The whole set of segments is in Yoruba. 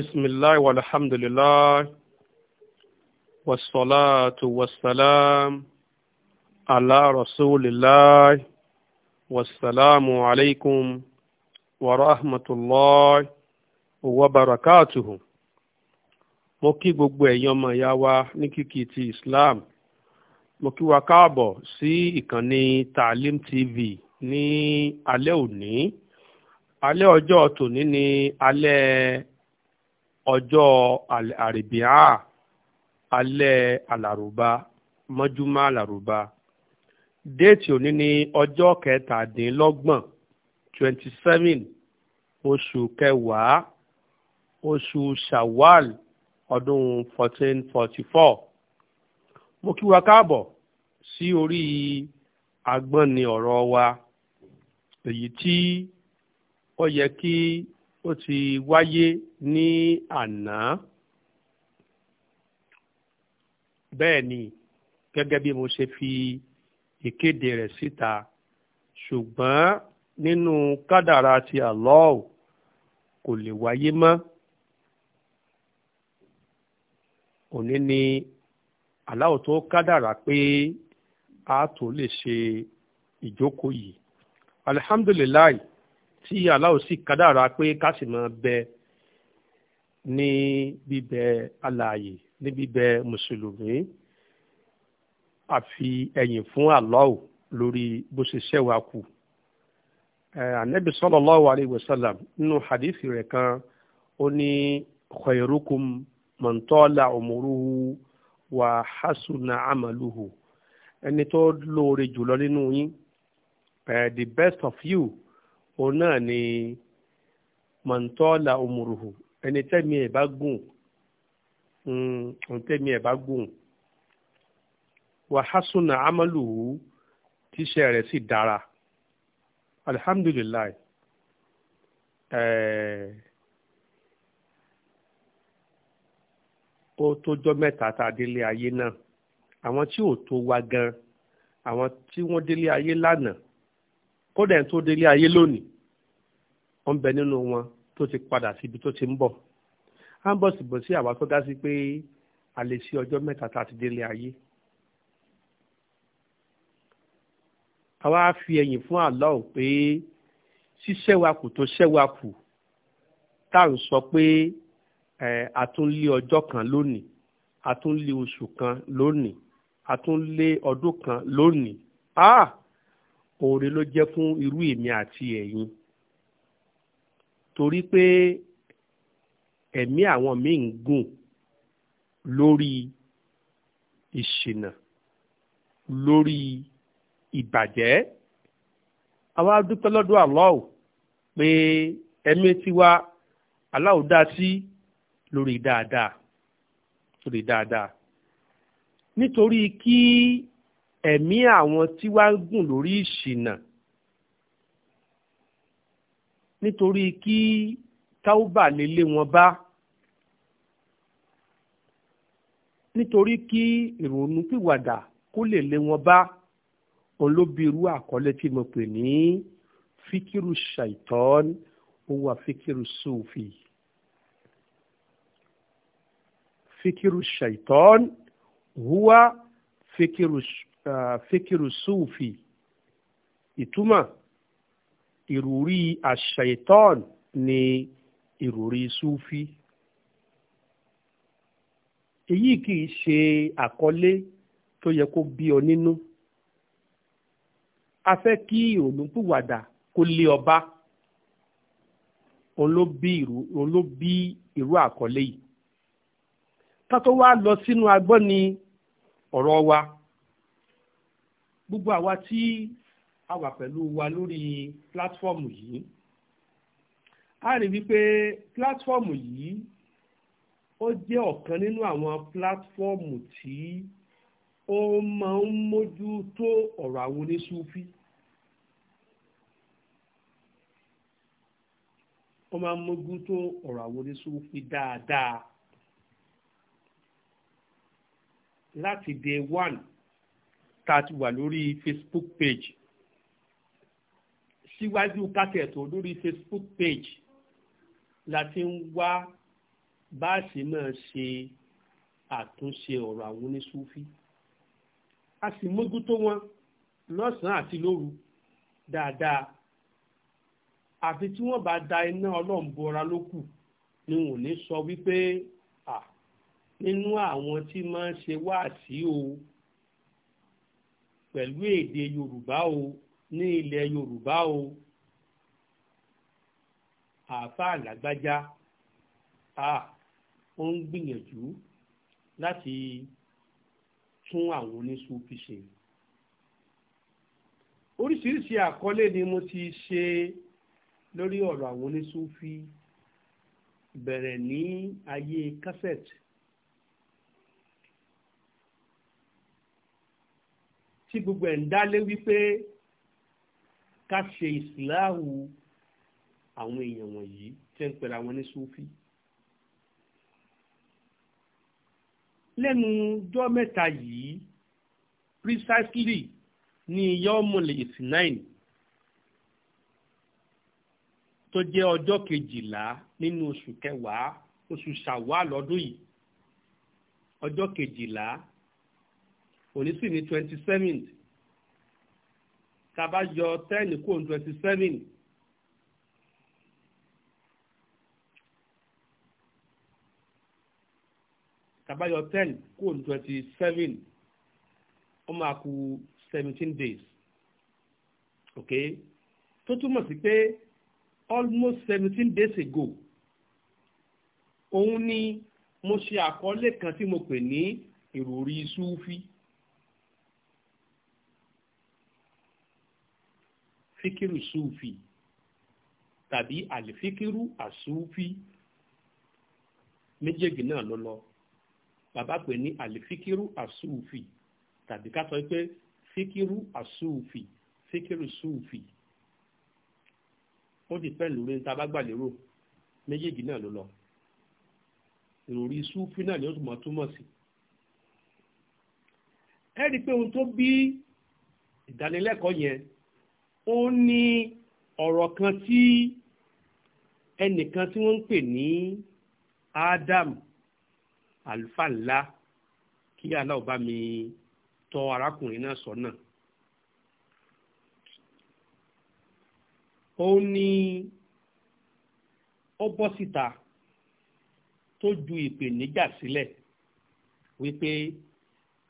بسم الله والحمد لله والصلاة والسلام على رسول الله والسلام عليكم ورحمة الله وبركاته mo kí gbogbo ẹ̀yin ọmọ ìyá wa ní kíkí ti Islam mo kí wa káàbọ̀ sí ìkànnì Taalim TV ní alẹ́ òní alẹ́ ọjọ́ tòní ní alẹ́ ọjọ́ àrèbíà alẹ́ àlàrúbá mọ́júmọ́ àlàrúbá déètì òní ní ọjọ́ kẹtàdínlọ́gbọ̀n twenty seven oṣù kẹwàá oṣù shawal ọdún fourteen forty four mo kí wa káàbọ̀ sí orí agbọ́nni ọ̀rọ̀ wa èyí tí ó yẹ kí ó ti wáyé ní àná bẹ́ẹ̀ ni gẹ́gẹ́ bí mo ṣe fi ìkéde rẹ̀ síta ṣùgbọ́n nínú kádàrá ti Allah kò lè wáyé mọ́ òní ni Allah tó kádàrá pé a tó lè ṣe ìjókòó yìí alihamdulilayi tí aláwo sì kádàrá pé ká sì máa bẹ ní bíbẹ alààyè ní bíbẹ mùsùlùmí àfi ẹ̀yìn fún aláwo lórí bó ṣe ṣẹ́wàá kù anabi sallallahu alayhi wa sallam nínú hadithi rẹ̀ kan ó ní khairukum man tala wa hasuna amaluhu ẹni tó lóore jùlọ nínú yín the best of you òun náà ni mọ̀ntọ́là òmùrùhù ẹni tẹ́mi ẹ̀ bá gùn òun mm, tẹ́mi ẹ̀ bá gùn wàhásùnà amálùhù tíṣẹ́ rẹ̀ sì dára alihamdulilayi ẹ̀ẹ́ ó tójọ́ mẹ́ta tá a délé ayé náà àwọn tí ò tó wa gan àwọn tí wọ́n délé ayé lánàá kódà tó délé ayé lónìí ó ń bẹ nínú wọn tó ti padà síbi tó ti ń bọ̀ á ń bọ̀ síbò sí àwa tó dá sí pé a lè ṣe ọjọ́ mẹ́ta tá a ti délé ayé àwa á fi ẹ̀yìn fún àlọ́ pé ṣíṣẹ́ tó ṣẹ́ tá à ń sọ pé àtúnlé ọjọ́ kan lónìí àtúnlé oṣù kan lónìí àtúnlé ọdún kan lónìí. Ah! oore ló jẹ́ fún irú èmi àti ẹ̀yin torí pé ẹ̀mí àwọn míì ń gùn lórí ìṣìnà lórí ìbàjẹ́ àwa dúpẹ́ lọ́dọ̀ Allah pé ẹ̀mí tiwa Allah dá sí lórí dáadáa lórí dáadáa nítorí kí ẹ̀mí àwọn tí wá ń gùn lórí ìṣìnà nítorí kí táúbà lè lé wọn bá nítorí kí ìrònúpìwàdà kó lè lé wọn bá òun ló bí irú àkọlé tí mo pè ní fíkírù ṣàìtọ́n ó wà fíkírù sùfì fíkírù ṣàìtọ́n hùwà fíkìrù súùfì ìtumọ̀ ìrùrí àṣàìtọ́n ni ìrùrí súùfì èyí kì í ṣe àkọlé tó yẹ kó bí ọ nínú a fẹ́ kí ìrònú ìrònúpìwàdà kó lé ọba òun ló bí irú àkọlé yìí ká tó wá lọ sínú agbọ́n ni ọ̀rọ̀ wa. gbogbo àwa tí a wà pẹ̀lú wa lórí pílátífọ́ọ̀mù yìí a rí wípé pílátífọ́ọ̀mù yìí ó jẹ́ ọ̀kan nínú àwọn pílátífọ́ọ̀mù tí ó máa ń mójú ọ̀rọ̀ àwọn oníṣúfí. ó máa ń mójú ọ̀rọ̀ àwọn oníṣúfí dáadáa láti day one tá a ti wà lórí Facebook page síwájú kákẹ́ẹ̀tò lórí Facebook page la ti ń wá bá a sì máa ṣe àtúnṣe ọ̀rọ̀ àwọn oníṣúfí a sì mójútó wọn lọ́sàn-án àti lóru dáadáa àfi tí wọ́n bá da iná ọlọ́m̀bọra ló kù ni wọ́n ní sọ wípé nínú àwọn tí máa ń ṣe wáàsí o pẹ̀lú èdè yorùbá o ní ilẹ̀ yorùbá o àáfàá lágbájá a ó ń gbìyànjú láti tún àwọn oníṣúfì ṣe oríṣiríṣi àkọlé ni mo ti ṣe lórí ọ̀rọ̀ àwọn oníṣúfì bẹ̀rẹ̀ ní ayé kásẹ̀tì tí gbogbo ẹ̀ ń dálé wípé ká ṣe ìsìláàwù àwọn èèyàn wọ̀nyí tẹ́ ń pẹ̀lú àwọn ní Súfì. lẹ́nu jọ́ mẹ́ta yìí precisely ní yọ́mọ̀lẹ̀ ìsìnáìn tó jẹ́ ọjọ́ kejìlá nínú oṣù kẹwàá oṣù ṣàwá lọ́dún yìí ọjọ́ kejìlá òní sì ní twenty seven tá a bá yọ ten kó ní twenty seven tá a bá yọ ten kó ní twenty seven ó máa kù seventeen days ok tó túmọ̀ sí pé almost seventeen days ago òun ni mo ṣe àkọlé kan tí mo pè ní ìròrí súfì. Fikiru Sufi, tàbí alifikiru àsúfì méjèèjì náà ló lọ bàbá pè ní àlìfíkìrù àsúfì tàbí ká sọ pé fikiru àsúfì fíkìrù súfì ó ti pẹ́ lórí níta bá gbà méjèèjì náà ló lọ ìròrí súfì náà ni ó túmọ̀ túmọ̀ sí ẹ rí i pé ohun tó bí ìdánilẹ́kọ̀ọ́ yẹn ó ní ọ̀rọ̀ kan tí ẹnìkan tí wọ́n ń pè ní Adam alfa ńlá kí aláwọ bá mi tọ́ arákùnrin náà sọ́nà. ó ní ó bọ́ síta tó ju ìpèníjà sílẹ̀ wípé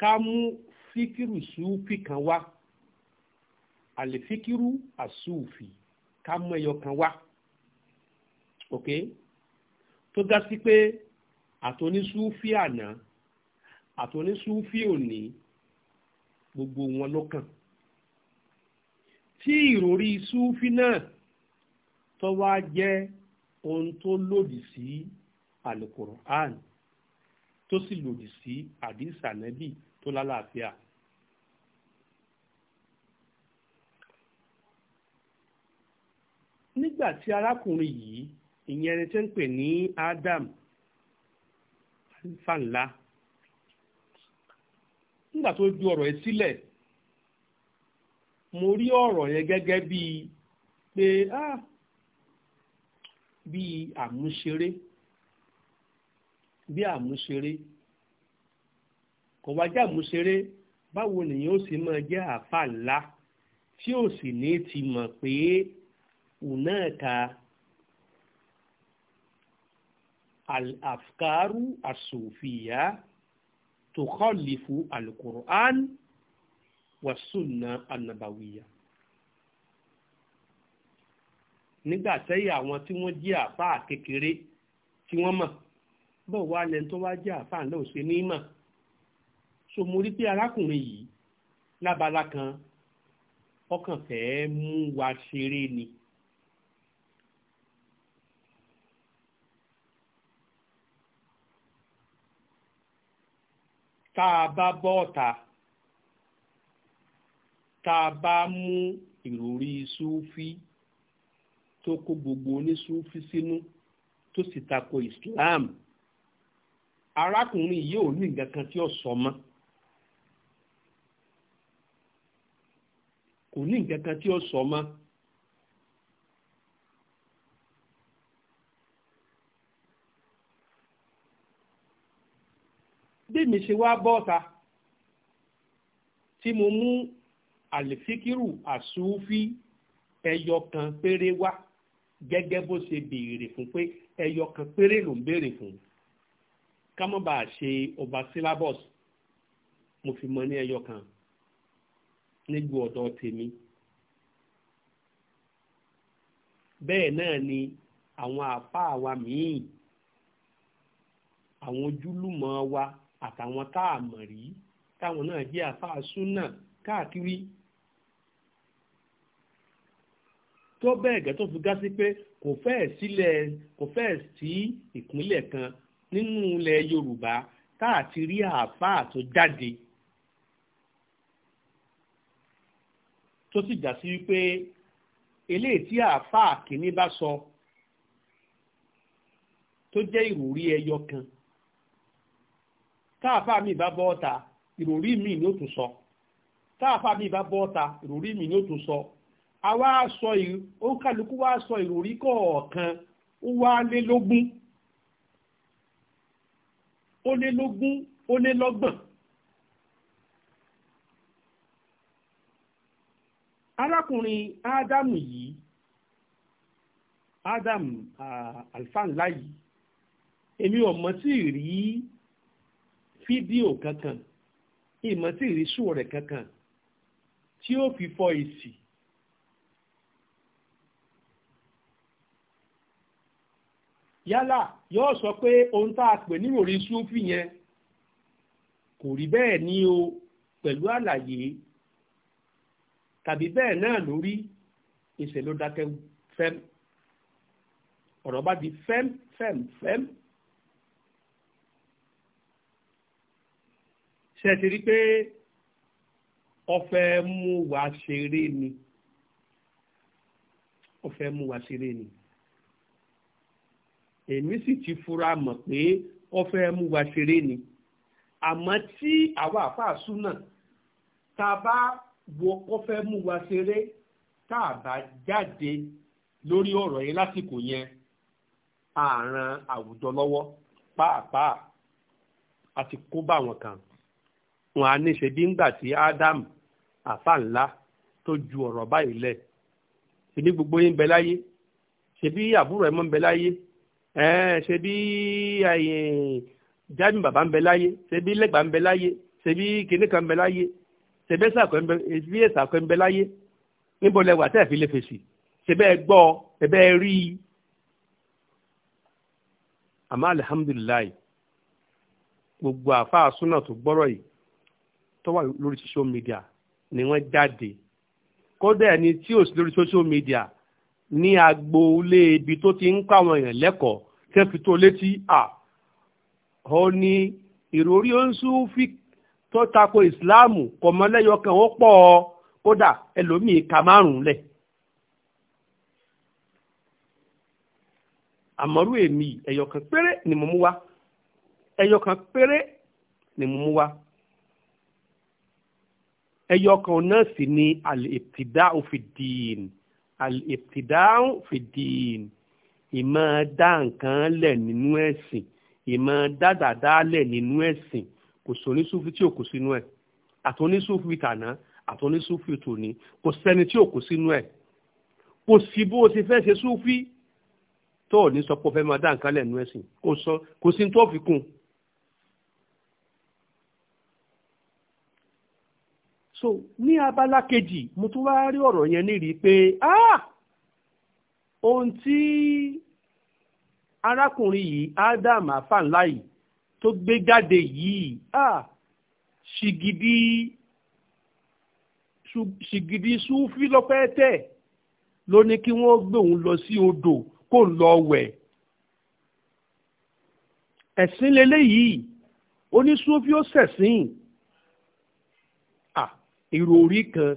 ká mú fíkìrù súúfì kan wá Alifikiru àsúùfì ká mú ẹyọ kan wá ok tó dá sí pé àtọ́nísúfì àná àtọ́nísúfì òní gbogbo wọn ló kàn tí ìròrí súfì náà tó wá jẹ́ ohun tó lòdì sí alukur'an tó sì lòdì sí àdìsànẹ́bì tó lálàáfíà. nígbà tí arákùnrin yìí ìyẹn ẹni tí ń pè ní Adam fanla nígbà tó ju ọ̀rọ̀ yẹn sílẹ̀ mo rí ọ̀rọ̀ yẹn gẹ́gẹ́ bíi pé ah bíi àmúṣeré bí àmúṣeré kò wá jẹ́ àmúṣeré báwo nìyẹn ó sì máa jẹ́ àáfà ńlá tí ó sì ní ti mọ̀ pé hunaka al-afkaru as-sufiya tukhalifu al-Qur'an wa sunna an-nabawiyya nígbà sẹ́yìn àwọn tí wọ́n jẹ́ àfáà kékeré tí wọ́n mọ̀ bọ́ wá lẹ́nu tó wá jẹ́ àfáà náà ṣe ní mọ̀ so mo rí pé arákùnrin yìí lábala kan ọkàn fẹ́ẹ́ mú wa ṣeré ni. tá a bá bọ́ ọ̀tá tá a bá mú ìròrí súfí tó kó gbogbo onísúfí sínú tó sì tako Islam arákùnrin yìí ò ní nǹkan kan tí ó sọ mọ́ kò ní nǹkan kan tí ó sọ mọ́. bẹ́ẹ̀mi ṣe wá bọ́ọ̀ta tí mo mú àlèfíkírù àsúfí ẹyọ kan péré wá gẹ́gẹ́ bó ṣe béèrè fún pé ẹyọ kan péré ló ń béèrè fún ká má bàa ṣe ọba syllabus mo fi mọ ní ẹyọ kan nígbò ọ̀dọ̀ tèmi bẹ́ẹ̀ náà ni àwọn àáfàá wa míì àwọn ojúlùmọ̀ wa àtàwọn tá a mọ̀ rí táwọn náà jẹ́ àfáà súnà káàkiri tó bẹ́ẹ̀ gẹ́ tó fi gá sí pé kò fẹ́ẹ̀ sílẹ̀ kò fẹ́ẹ̀ sí ìpínlẹ̀ kan nínú ilẹ̀ Yorùbá tá a àfáà tó jáde tó sì já sí wípé eléyìí tí àfáà kìíní bá sọ tó jẹ́ ìròrí ẹyọ kan táàfà mi bá bọ́ ọ̀ta ìròrí mi ni ó tún sọ táàfà mi bá bọ́ ọ̀ta ìròrí mi ni ó tún sọ àwa sọ ó kálukú wá sọ ìròrí kọ̀ọ̀kan ó wá lé lógún ó lé lógún ó lé lọ́gbọ̀n. arákùnrin ádámù yìí ádámù àlùfáà ńlá yìí èmi ò mọ̀ tí ì rí fídíò kankan ìmọ̀ tí ìrísù rẹ̀ kankan tí ó fi fọ èsì yálà yóò sọ pé ohun tá a pè ní ìròrí súfì yẹn kò rí bẹ́ẹ̀ ní o pẹ̀lú àlàyé tàbí bẹ́ẹ̀ náà lórí ìṣèlú dákẹ́ fẹ́m ọ̀rọ̀ bá di fẹ́m fẹ́m fẹ́m. fẹ́m ṣe ti rí pé ọfẹ́ mú wa ṣeré ni ọfẹ́ mú wa ṣeré ni èmi sì ti fura mọ̀ pé ọfẹ́ mú wa ṣeré ni àmọ́ tí àwa àfáà súnà tá a bá wo ọfẹ́ mú wa ṣeré tá a bá jáde lórí ọ̀rọ̀ yẹn lásìkò yẹn àràn àwùjọ lọ́wọ́ pàápàá àti kó bá wọn kan wọn á ní ṣe bí ńgbà tí Adam àfa ńlá tó ju ọ̀rọ̀ báyìí lẹ̀ ṣebí gbogbo yín bẹ láyé ṣebí àbúrò ẹ̀ mọ́ ń bẹ láyé ṣebí jáde bàbá ń bẹ láyé ṣebí lẹ́gbàá ń bẹ láyé ṣebí kinní kan ń bẹ láyé ṣebí ẹ̀sàkọ́ ń bẹ láyé níbo lẹ wà tẹ́ẹ̀ fi lè fèsì ṣebẹ́ ẹ gbọ́ ṣebẹ́ ẹ rí i àmọ́ alihamudulilayi gbogbo àfa àsúná tó gbọ́rọ̀ yìí tó wà lórí social ni wọ́n jáde kódà ẹni tí ò sí lórí social media ní agboolé ibi tó ti ń kọ́ àwọn èèyàn lẹ́kọ̀ọ́ tẹ́ fi tó létí à ọ ní ìròrí tó tako ìsìláàmù kọ̀mọ́lẹ́yọkàn ó pọ̀ ọ́ kódà ẹlòmíì ka márùn-ún lẹ̀. ẹyọ kan náà sì ni al-ibtida'u fi ddin al-ibtida'u fi ddin ìmọ̀ dá nǹkan lẹ̀ nínú ẹ̀sìn ìmọ̀ dádàdá lẹ̀ nínú ẹ̀sìn kò sóní súfì tí ò kó sínú ẹ̀ àtúní súfì tàná àtúní kò sẹ́ni tí ò kó sínú ẹ̀ kò sí bó o ti fẹ́ ṣe súfì tó ò ní sọ pé o fẹ́ máa dá nǹkan lẹ̀ nínú ẹ̀sìn kò sí tó fi kún un. so ní abala kejì mo tún wá rí ọ̀rọ̀ yẹn nírí pé ah ohun tí arákùnrin yìí Adam afanla yìí tó gbé jáde yìí ah ṣìgìdì ṣìgìdì súfì lọ́pẹ́ tẹ̀ ló ní kí wọ́n gbé òun lọ sí odò kó lọ wẹ̀ ẹ̀sìn lélẹ́yìí oníṣúfì ó ṣẹ̀sìn ìròrí kan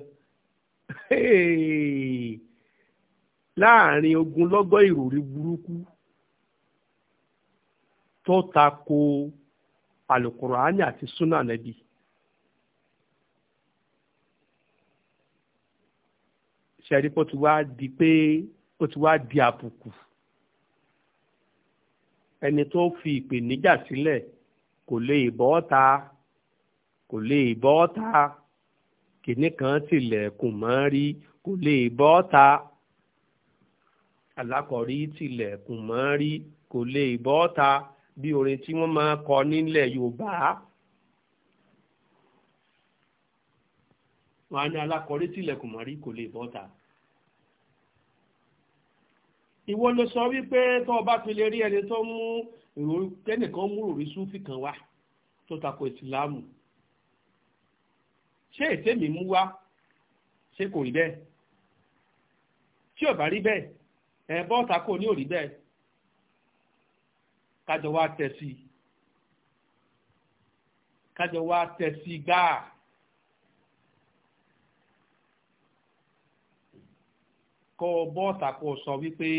láàrin ogunlọ́gọ̀ ìròrí burúkú tó tako alukurani àti sunna nabi. ṣẹ́rí pé ó ti wá di pé ó ti wá di àbùkù ẹni tó fi ìpèníjà sílẹ̀ kò lè bọ́ ta kò lè bọ́ ta kìnnì kan tilẹ̀kùn mọ́ rí kò lè bọ́ ta alákọ̀rí tilẹ̀kùn mọ́ rí kò lè bọ́ ta bí orin tí wọ́n máa kọ nílẹ̀ Yorùbá. wọn á ní alákọ̀rí tilẹ̀kùn mọ́ rí kò lè bọ́ ta. ìwọ ló sọ wípé tó o bá fi lè rí ẹni tó mú ẹnìkan mú òrí súfì kan wá tó tako ìsìlámù ṣé ètè mi mú wá ṣé kò rí bẹ́ẹ̀ tí ò bá rí bẹ́ẹ̀ ẹ̀ bọ́ọ̀tà kò ní ò rí bẹ́ẹ̀ kájọ wá tẹ̀ sí i kájọ wá tẹ̀ sí gbáà. kọ́ bọ́ọ̀tà kò sọ wípé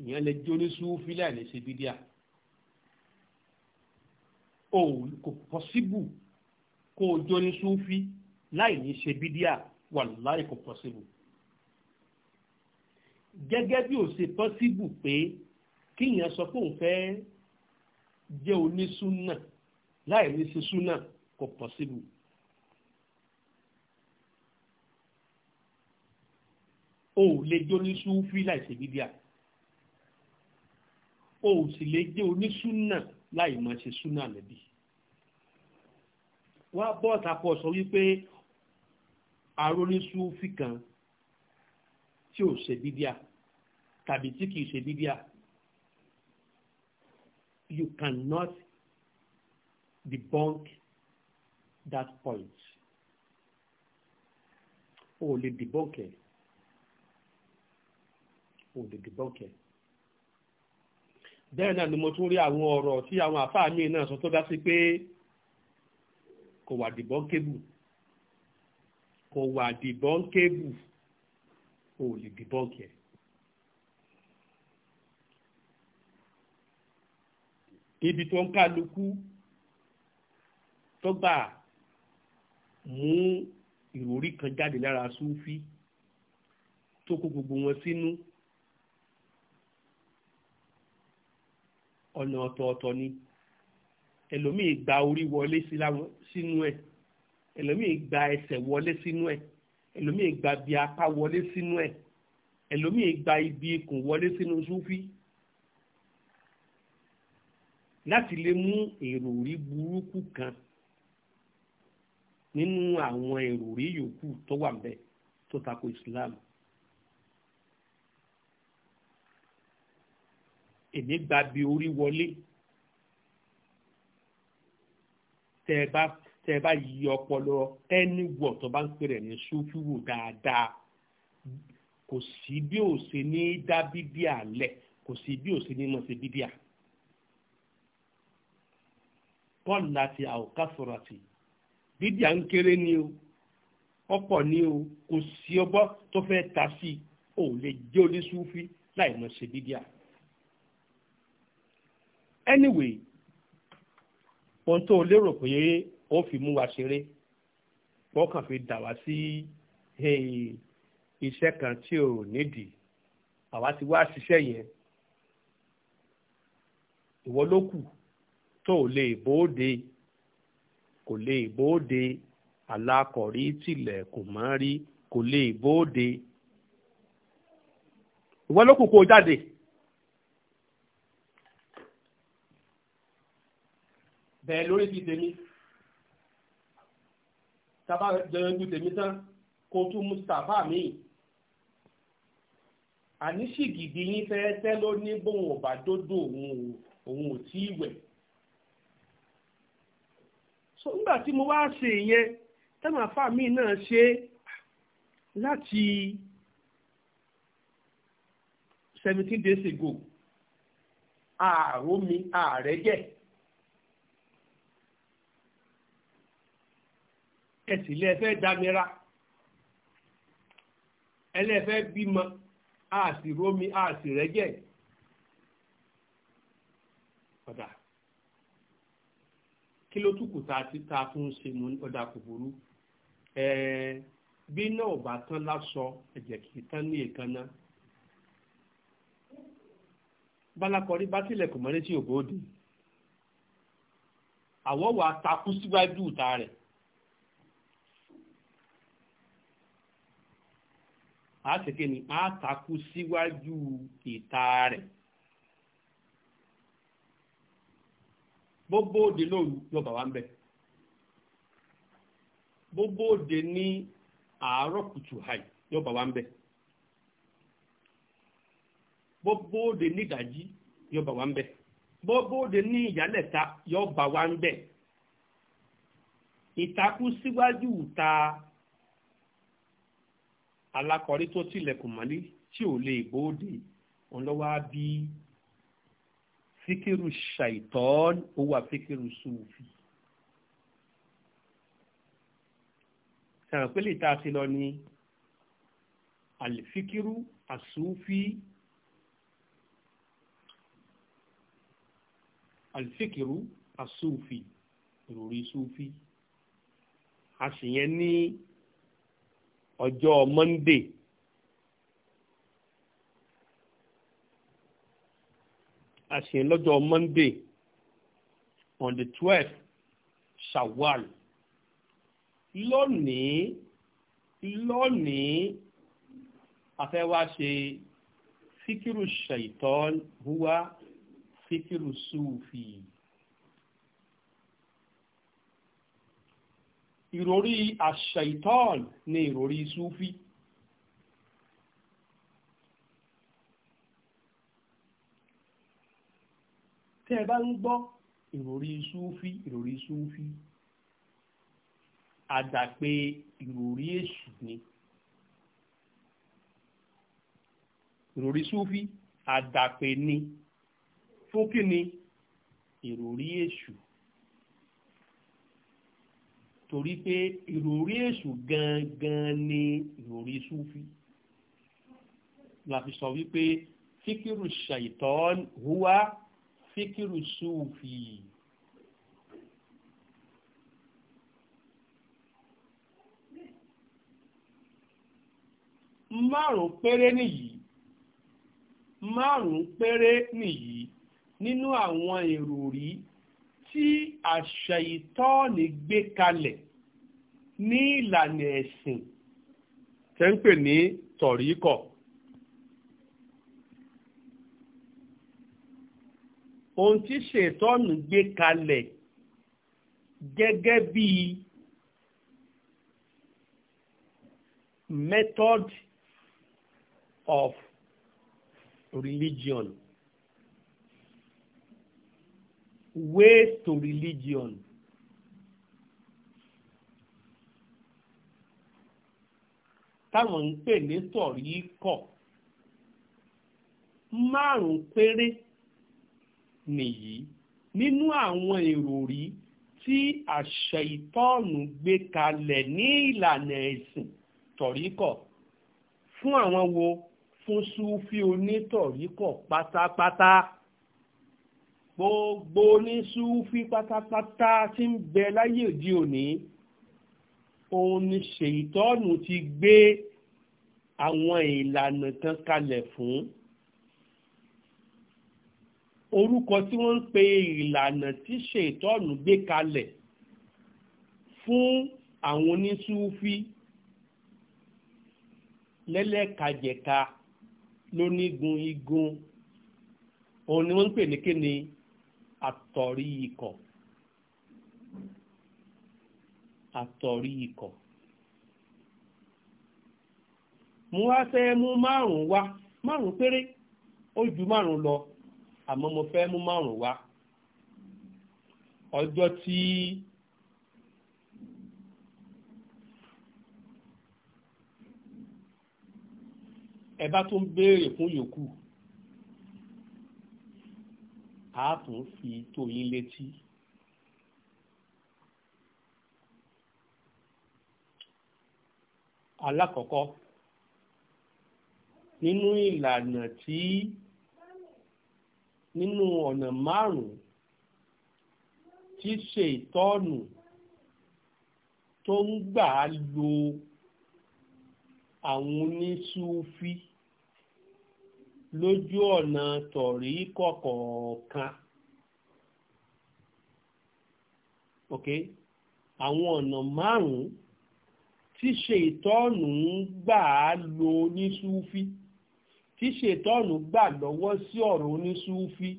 ìyẹn lè jó ní sùúfì ní ṣe kò pọ́síbù kó o jó ní súfí láì ní ṣe bídíà wàláì kò pọ́síbù gẹ́gẹ́ bí ò ṣe pọ́síbù pé kíyàn sọ pé òun fẹ́ jẹ́ onísúnà láì ní ṣe súnà kò pọ́síbù. o ò lè jẹ́ onísúfí láì ṣe bídíà o ò sì lè jẹ́ onísúnà láì máa ṣe súnà lẹ́bi wá bọ́ọ̀tà pọ̀ sọ wípé arónísúfì kan tí ò ṣe bídíà tàbí tí kìí ṣe bídíà you cannot debunk that point o lè debunk ẹ o lè debunk ẹ bẹ́ẹ̀ náà ni mo tún rí àwọn ọ̀rọ̀ tí àwọn àfáà mi náà sọ tó dá sí pé kò wà dìbọ́nkébù kò wà dìbọ́nkébù kò lè dìbọ́nkì ẹ̀. ibi tó ń kálukú tó gbà mú ìròrí kan jáde lára súfí tó kó gbogbo wọn sínú ọ̀nà ọ̀tọ̀ọ̀tọ̀ ni ẹlòmíì gba orí wọlé sínú ẹ̀ ẹlòmíì gba ẹsẹ̀ wọlé sínú ẹ̀ ẹlòmíì gba ibi apá wọlé sínú ẹ̀ ẹlòmíì gba ibi ikùn wọlé sínú súfí láti lè mú èrò orí burúkú kan nínú àwọn èrò orí yòókù tó wà ń bẹ tó tako Islam èmi gba bi orí wọlé. tẹ́ ẹ bá tẹ́ ẹ bá yí ọpọlọ ẹni wọ̀ tó bá ń pè rẹ̀ ní ṣúfì wò dáadáa kò sí bí ò ṣe ní dá bídíà lẹ̀ kò sí bí ò ṣe ní mọ̀ sí bídíà. bọ́ọ̀lù láti àwòkásọ̀rọ̀ àti bídíà ń kéré ni o ọ̀pọ̀ ni o kò sí ọgbọ́ tó fẹ́ ta sí i lè jẹ́ oníṣúfì láì mọ̀ ṣe bídíà. anyway ohun tó lérò pé ó fi mú wa ṣeré wọ́n kàn fi dà wá sí iṣẹ́ kan tí ò nídìí àwa ti wá ṣiṣẹ́ yẹn ìwọ ló kù tó lè bóde kò lè bóde alákọ̀rí tilẹ̀ mọ́ rí kò lè bóde ìwọ ló kù kó jáde. bẹ̀rẹ̀ lórí ti tèmi tàbá jẹun ju tèmi tán kó tún mustapha míì àníṣì gidi yín fẹ́ tẹ́ ló ní bóun ò bá dódò òun ò tí ì wẹ̀ so nígbà tí mo wá ṣe ìyẹn tẹ́mọ̀ àfà náà ṣe láti seventeen days ago ààrò mi ààrẹ jẹ́. ẹ̀sì lẹ́ẹ̀fẹ́ dámẹ́ra ẹlẹ́ẹ̀fẹ́ bímọ ààsì rómi ààsì rẹ́jẹ̀ ọ̀dà kí ló túkù tá a tún ṣe mú ọ̀dà kòkòrò ẹ̀ẹ́ bí náà ò bá tán lásọ ẹ̀jẹ̀ kì í tán ní èékánná balakọrí bá tilẹ̀kùn mọ́lé tí òbó dé àwọ̀ wà takú síwájú ìta rẹ̀. a ni a takú síwájú ìta rẹ̀ gbogbo òde lóru yóò bá ń gbogbo òde ní àárọ̀ kùtù hàì yóò gbogbo òde ní ìdájí yóò bá gbogbo òde ní ìyálẹ̀ta yóò ń ìtakú alákọ̀rí tó tilẹ̀kùn mọ́lé tí ò lè bóde òun ló wá bí fikiru ṣàìtọ́n ó wà fíkìrù sùfì. sẹ̀rọ̀ pé lè ta sí lọ ní àlìfíkìrù àsúfì àlìfíkìrù àsúfì ìròrí sùfì a sì yẹn ní ọjọ́ monday a ṣe lọ́jọ́ monday on the twelfth shawwal lónìí lónìí a fẹ́ wá ṣe fíkírù ṣaitan huwa fíkírù súfì. ìròrí àṣàìtọ́ọ̀n ni ìròrí súfí tẹ́ ẹ bá ń gbọ́ ìròrí súfí ìròrí súfí àdàpé ìròrí èṣù ni ìròrí súfí àdàpé ni fún kí ni ìròrí èṣù torí pé ìròrí èṣù gangan ni ìròrí súfì la fi sọ wípé fíkìrù ṣàìtọ́n huwa fíkìrù súfì. márùn péré nìyí márùn péré nìyí nínú àwọn ìròrí tí àṣà ìtọ́ọ̀nì gbé kalẹ̀ ní ìlànà ẹ̀sìn tẹ́ ń pè ní tọ̀ríkọ̀. ohun tí ṣètọ́nù gbé kalẹ̀ gẹ́gẹ́ bí method of religion. ways to religion. táwọn ń pè ní sọ̀rí kọ̀ márùn-ún péré nìyí nínú àwọn ìròrí tí àṣẹ ìtọ́ọ̀nù gbé kalẹ̀ ní ìlànà ẹ̀sìn tọ̀ríkọ̀ fún àwọn wo fún súfí onítọ̀ríkọ̀ pátápátá. Pata, pata gbogbo oníṣúfí pátápátá tí ń bẹ láyé òde òní òun ni ṣèyítọ́nù ti gbé àwọn ìlànà kan kalẹ̀ fún orúkọ tí wọ́n ń pe ìlànà tí ṣèyítọ́nù gbé kalẹ̀ fún àwọn oníṣúfí lẹ́lẹ́kajẹ̀ka lónígun igun òun ni wọ́n ń pè ní kíni àtọ̀rí ikọ̀ àtọ̀rí ikọ̀ mo wá fẹ́ mú márùn wá márùn péré ó ju márùn lọ àmọ́ mo fẹ́ mú márùn wá ọjọ́ tí ẹ bá tún béèrè fún yòókù a tún fi tó yín létí. alákọ̀ọ́kọ́ nínú ìlànà tí nínú ọ̀nà márùn-ún tí ṣe ìtọ́nù tó ń gbà á lo àwọn oníṣúfí. lójú ọ̀nà tọ̀rí kọ̀ọ̀kan ok àwọn ọ̀nà márùn-ún tí ṣètọ́nù ń gbà á lo oníṣúfí tí ṣètọ́nù gbà lọ́wọ́ sí ọ̀rọ̀ oníṣúfí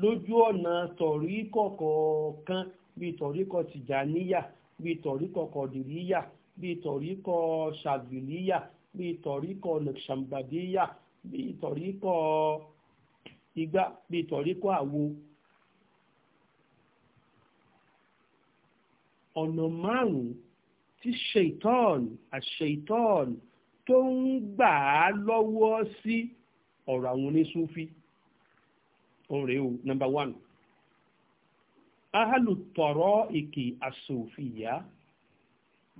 lójú ọ̀nà tọ̀rí kọ̀ọ̀kan bíi tọ̀ríkọ̀ tìjàníyà bíi tọ̀ríkọ̀ kọ̀dìríyà bíi tọ̀ríkọ̀ ṣàgbìlíyà bíi tọ̀ríkọ̀ nàkṣàmbàdíyà bí ìtọ̀ríkọ̀ igbá bí ìtọ̀ríkọ̀ àwo ọ̀nà márùn-ún tí ṣèitọ́n àṣeitọ́n tó ń gbà á lọ́wọ́ sí ọ̀rọ̀ àwọn onísúfí ọ̀rẹ́ o number one ahalu tọrọ ìkì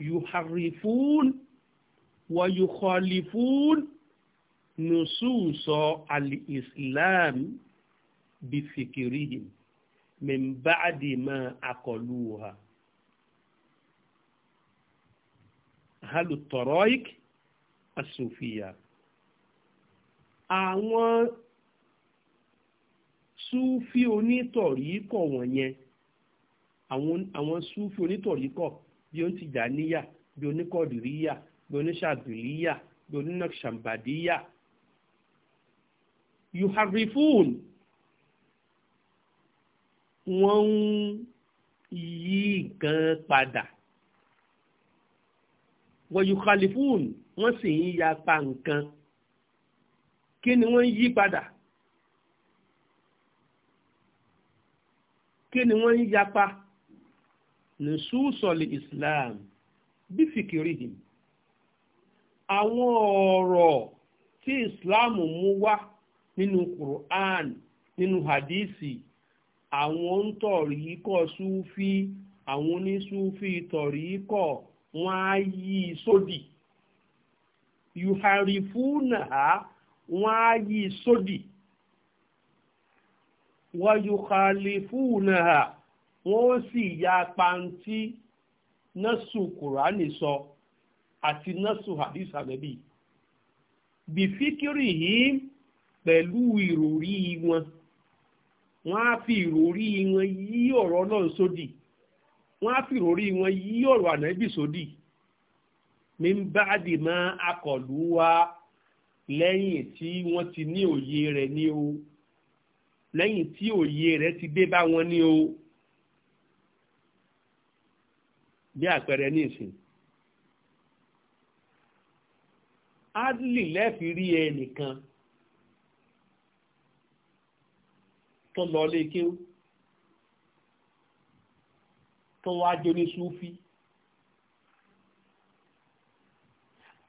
yuharifun wayukhalifun nususo al-islam bifikirihim min ba'di ma akọluha halu toroik asufiya àwọn súfí onítọ̀ríkọ̀ wọ̀nyẹn àwọn súfí onítọ̀ríkọ̀ bí ó ń ti jà níyà bí oníkọ̀dìríyà bí oníṣàdùlíyà bí onínàṣàmbàdíyà yuharifun wọ́n ń yí nǹkan padà wọ́n yukhalifun wọ́n sì ń yapa nǹkan kí ni wọ́n ń yí padà kí ni wọ́n ń yapa nìṣúsọ̀lì islam bí fìkìrìhìn àwọn ọ̀rọ̀ tí islam mú wá. nínú Quran nínú hadisi àwọn òǹtọ̀rí kọ́ súfí àwọn onísúfí tọ̀rí kọ́ wọ́n á yí i sódì yuharifuna ha wọ́n á yí sódì wọ́n ha wọ́n sì ya pantí nọ́ọ̀sù kùránì sọ àti nọ́ọ̀sù hadisi àbẹ̀bí fikiri yìí. pẹ̀lú ìròrí wọn wọ́n á fi ìròrí wọn yí ọ̀rọ̀ náà sódì wọ́n á fi ìròrí wọn yí ọ̀rọ̀ ànábì sódì mi ń bá dì mọ́ akọ̀lù wa lẹ́yìn tí wọ́n ti ní òye rẹ̀ ní o lẹ́yìn tí òye rẹ̀ ti dé bá wọn ní o bí àpẹẹrẹ ní ìsìn adley lẹ́ẹ̀fi rí ẹnìkan. E tó lọ lé kéwú tó wá jó ní súfí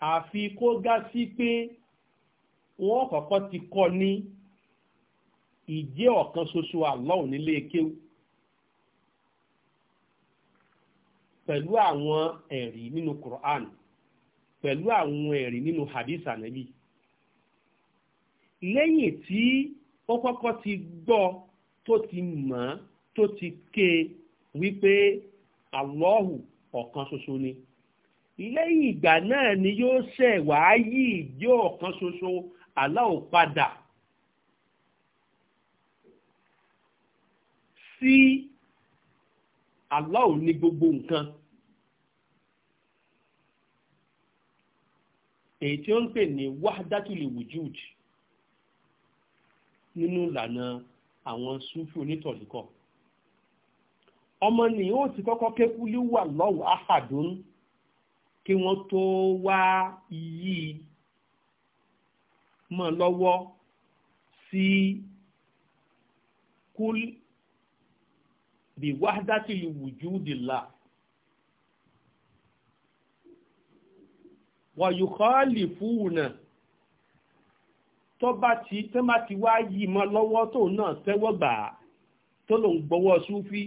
àfi kó gá sí pé wọ́n kọ́kọ́ ti kọ́ ní ìjẹ́ ọ̀kan ṣoṣo Allah nílé kéwú pẹ̀lú àwọn ẹ̀rí nínú Qur'an pẹ̀lú àwọn ẹ̀rí nínú hadith ànábì lẹ́yìn tí ó kọ́kọ́ ti gbọ́ tó ti mọ̀ tó ti ké wípé àlọ́hù ọ̀kan ṣoṣo ni lẹ́yìn ìgbà náà ni yóò ṣẹ̀ wáá yí ìjọ ọ̀kan ṣoṣo aláwọ̀ padà sí aláwọ̀ ní gbogbo nǹkan. èyí tí ó ń pè ní wahdatul wujud nínú ìlànà àwọn súfì onítọ̀líkọ̀ ọmọ nìyẹn ó ti kọ́kọ́ kékulí wà lọ́wọ́ ahadun kí wọ́n tó wá yí mọ́ lọ́wọ́ sí kúl bí wáhdátì wùjúdìlá wàyùkọ́ọ̀lì fúnà. tó bá ti tó bá ti wá yí mọ́ lọ́wọ́ tó náà tẹ́wọ́ gbà tó lòún gbọ́wọ́ súfí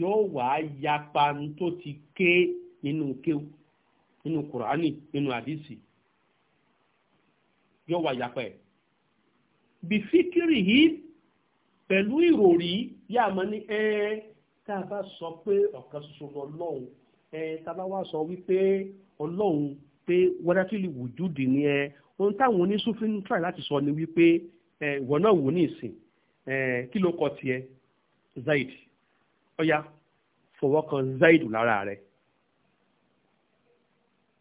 yóò wá yapa tó ti ké nínú kéw nínú kùránì nínú àdìsí yóò wá yapa ẹ̀ bí fíkìrì yìí pẹ̀lú ìròrí yá a ní ẹ tá a bá sọ pé ọ̀kan ṣoṣo lọ́lọ́run ẹ tá a bá wá sọ wípé ọlọ́run pé wọ́dátìlì wùjúdì ni ẹ ohun táwọn oníṣúfin ń try láti sọ ni wípé ìwọ náà wò ní ìsìn kí ló kọ tiẹ̀ zaid ọ̀ya fọwọ́ kan zaid lára rẹ̀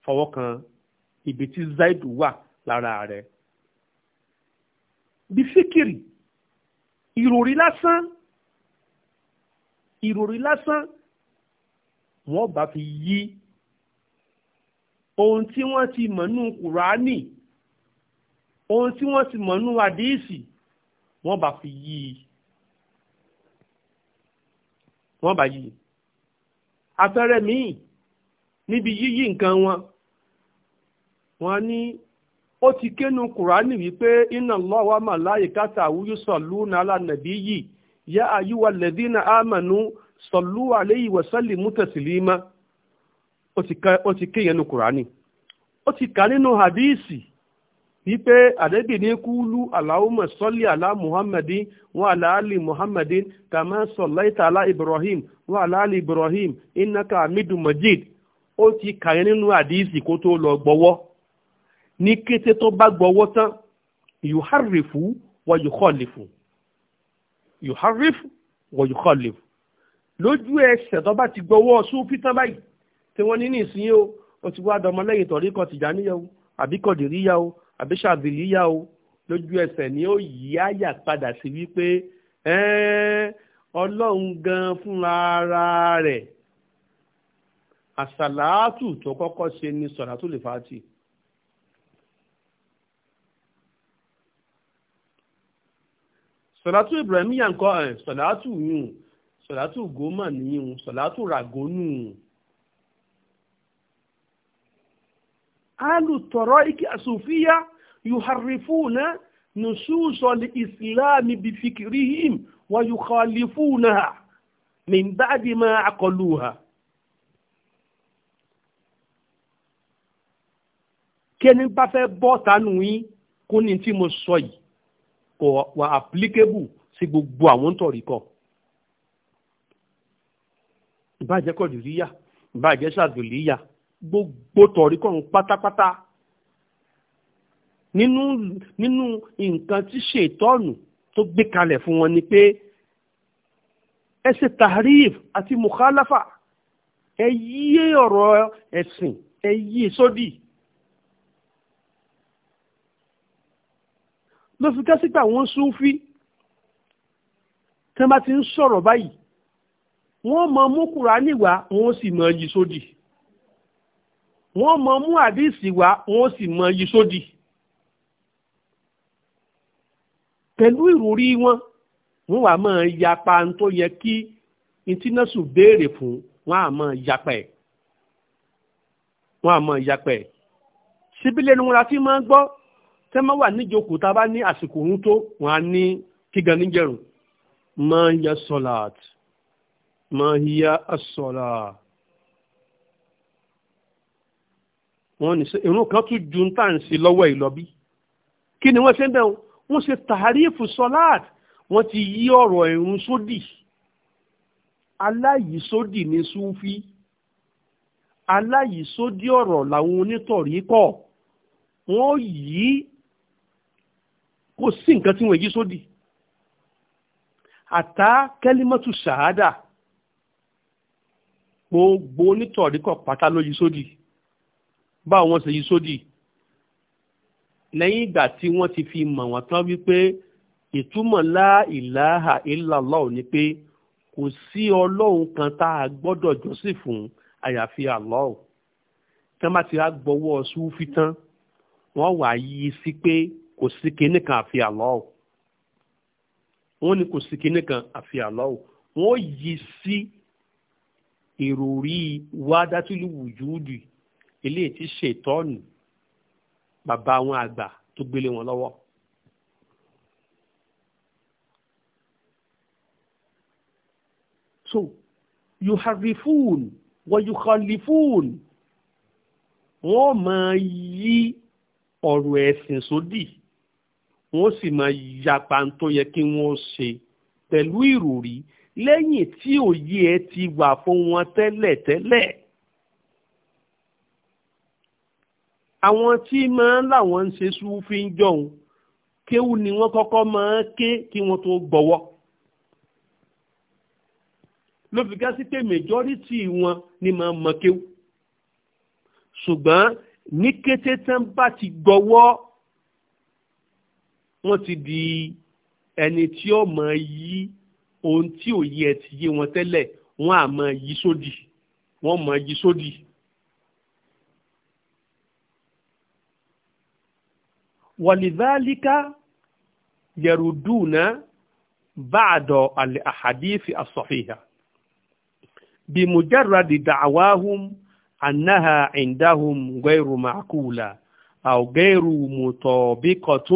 fọwọ́ kan ibi tí zaid wà lára rẹ̀ bí fíkìrì ìròrí lásán ìròrí lásán wọ́n bá fi yí ohun tí wọ́n ti mọ̀ nínú kùránì ohun tí wọ́n ti mọ̀ nú àdíìsì wọ́n bá fi yí i wọ́n bá yí i àpẹẹrẹ míì níbi yíyí nǹkan wọn wọ́n ní ó ti kénu kùránì wípé inna Allaha wa malaikatahu yusalluna ala nabiyyi ya yá ladhina amanu sallu alayhi wa sallimu taslima ó ti ké yẹnu kùránì ó ti kà nínú hadíìsì. wípé àdébì ní kúlú aláwùmọ sọlí àlá muhammadin wọn aláàlì muhammadin kàmá sọláìtà àlá ibrahim wọn aláàlì ibrahim innaka amidu majid ó ti kàyé nínú àdíìsì kó tó lọ gbọ́wọ́ ní kété tó bá gbọ́wọ́ tán yuharifu wa yukhalifu yuharifu wa yukhalifu lójú ẹsẹ̀ tó bá ti gbọ́wọ́ súnfí tán báyìí tí wọ́n ní nísìnyí o ó ti wá dọmọlẹ́yìn tọ̀ríkọ̀ tìjáníyà o àbíkọ̀ dìríyà o àbí ṣàbìlíyà o lójú ẹsẹ̀ ni ó yí àyà padà sí wípé ọlọ́run gan fúnra ara rẹ̀ àṣàlátù tó kọ́kọ́ ṣe ni sọ̀ràtù lè fàátì. sọ̀látù ibrahim yankọ́ ẹ̀ sọ̀látù yùn sọ̀látù goma nìyùn sọ̀látù ràgónù. alu tọrọiki asufiya yuharrifuna nususo li islami bi fikirihim wa yukhalifunaha min ba'di ma aqaluha kẹni bá fẹ́ bọ́ tánú yín kó ní tí mo sọ yìí kò wà applicable sí gbogbo àwọn tọ̀rí kọ ìbájẹ́ kọ̀dùríyà ìbájẹ́ sàdùlíyà gbogbo tọ̀ríkọ̀n pátápátá nínú nínú nǹkan tí ṣètọ́nù tó gbé kalẹ̀ fún wọn ni pé ẹ tahrif àti mukhalafa ẹ yí ọ̀rọ̀ ẹ̀sìn ẹ yí sódì. ló fi ká sígbà wọ́n súnfí tí wọ́n bá ti ń sọ̀rọ̀ báyìí wọ́n mọ mú Kùránì wá wọ́n sì mọ yí sódì wọ́n mọ mú àdíìsì wá wọ́n sì mọ yí sódì pẹ̀lú ìròrí wọn wọ́n wà máa yapa tó yẹ kí ìtínásù béèrè fún wọ́n á máa yapa ẹ̀ wọ́n á máa yapa ẹ̀ síbílẹ̀ ni wọ́n la ti máa ń gbọ́ tẹ́ máa wà níjókòó tá a bá ní àsìkò òun tó wọ́n á ní kígan níjẹ̀rùn máa ń yẹ sọ́làt máa ń yẹ sọ́làt. wọ́n ní irun kan tún ju tá à ń ṣe lọ́wọ́ ìlọ́bí kí ni wọ́n ṣe ń bẹ̀ wọ́n ṣe tàrífù sọ́láàt wọ́n ti yí ọ̀rọ̀ irun sódì aláyìísódì ní súfí aláyìísódì ọ̀rọ̀ làwọn onítọ̀rí kọ̀ wọ́n yí kò sí nǹkan tí wọ́n yí sódì àtá kẹ́límọ́tù ṣàhádà gbogbo onítọ̀rí kọ̀ pátá ló yí sódì. So báwo wọ́n ṣe yí sódì lẹ́yìn ìgbà tí wọ́n ti fi mọ̀ wọ́n tán wípé ìtumọ̀ la ilaha illallah ni pé kò sí ọlọ́run kan tá a gbọ́dọ̀ jọ́sìn fún àyàfi Allah tán bá ti á gbọ́wọ́ súfì tán wọ́n wà yí sí pé kò sí kinní kan àfi Allah wọ́n ní kò sí kinní kan àfi Allah wọ́n yí sí ìròrí wádátìlú wùjúdì. Si eléyìí tí ṣètọ́ọ̀nù bàbá wọn àgbà tó gbélé wọn lọ́wọ́. so yuharifun wa yukhalifun wọ́n máa yí ọ̀rọ̀ ẹ̀sìn sódì wọ́n sì máa yapa tó yẹ kí wọ́n ṣe pẹ̀lú ìròrí lẹ́yìn tí òye ẹ ti wà fún wọn tẹ́lẹ̀tẹ́lẹ̀. Tẹ́lẹ̀. àwọn tí máa ń làwọn ń ṣe súfì ń jọ̀hún kéwù ni wọ́n kọ́kọ́ máa ń ké kí wọ́n tó gbọ́wọ́ ló fi gá sí pé majority wọn ni máa mọ kéwù ṣùgbọ́n ní kété tán bá ti gbọ́wọ́ wọ́n ti di ẹni tí ó mọ̀ yí ohun tí ò yẹ ti yé wọn tẹ́lẹ̀ wọ́n á mọ̀ yí sódì wọ́n mọ̀ yí sódì. wàlìdálíkà yẹrùdúnà báàdọ̀ àlẹ́ àhàdífì àsọ̀fìhà بمجرد دعواهم أنها عندهم غير معقولة أو غير مطابقة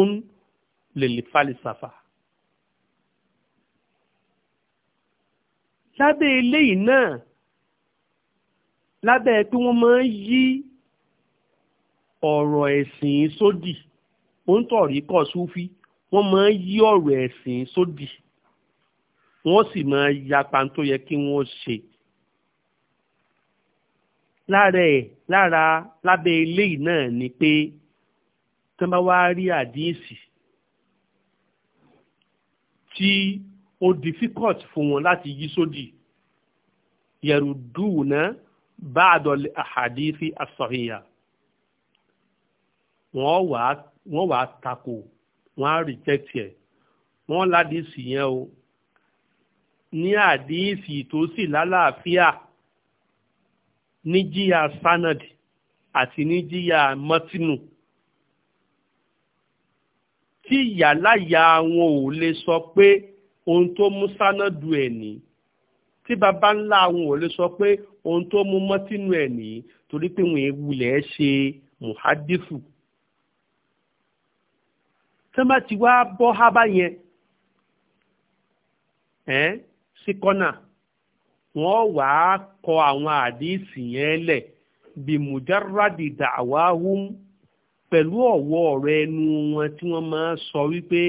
للفلسفة lábẹ́ eléyìí náà lábẹ́ pé wọ́n máa ń yí ọ̀rọ̀ ẹ̀sìn sódì òǹtọ̀rí kọ̀ súfí wọ́n máa ń yí ọ̀rọ̀ ẹ̀sìn sódì wọ́n sì máa yapa tó yẹ kí wọ́n ṣe. lára ẹ̀ lára lábẹ́ eléyìí náà ni pé tí wọ́n bá wá rí àdíyèsí tí ó difficult fún wọn láti yí sódì yẹ̀rù dùn náà bá àdọ̀lẹ̀ àhàdí fi wọ́n wàá wọ́n wàá takò wọ́n á reject ẹ̀ wọ́n ládìsí yẹn o ní àdìsí tó sì lálàáfíà níjíyà sanad àti níjíyà mọ́tínù tí ìyàláyà wọn ò lè sọ pé ohun tó mú sanadu ẹ̀ ní tí baba ńlá wọn ò lè sọ pé ohun tó mú mọ́tínù ẹ̀ ní torí pé wọn èèwù ṣe muhadifu tó má ti wá bọ́ hábà yẹn ẹ́ sí kọ́nà wọ́n wà á kọ àwọn àdíìsì yẹn lẹ̀ bí mujarradi da'wahum pẹ̀lú ọ̀wọ́ ọ̀rọ̀ ẹnu wọn tí wọ́n máa sọ wípé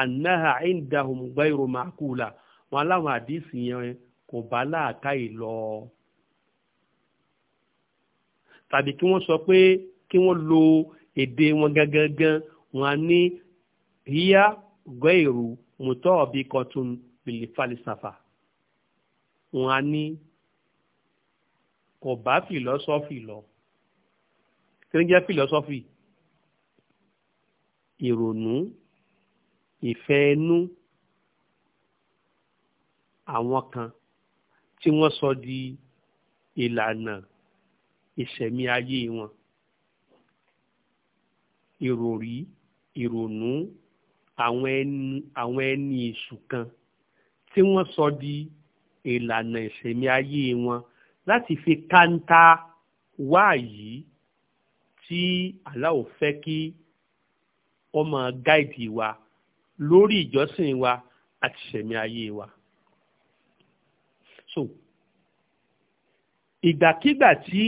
annaha indahum ghayru ma'qula wọn aláwọn àdíìsì yẹn kò bá láàkáyè lọ tàbí kí wọ́n sọ pé kí wọ́n lo èdè wọn gangan gan wọn á ní hiya gẹ́rù mùtọ́ọ̀bí kọtun bìlì falisafa wọn a ní kò bá fìlọ́sọ́fì lọ kí ló ń jẹ́ fìlọ́sọ́fì ìrònú ìfẹ́ ẹnu àwọn kan tí wọ́n sọ di ìlànà ìṣẹ̀mí ayé wọn ìròrí ìrònú àwọn ẹni àwọn ẹni èṣù kan tí wọ́n sọ di ìlànà ìṣẹ̀mí ayé wọn láti fi káńtà wáàyí tí Allah fẹ́ kí wọ́n máa gáìdì wa lórí ìjọsìn wa àti ìṣẹ̀mí ayé wa. So ìgbàkígbà tí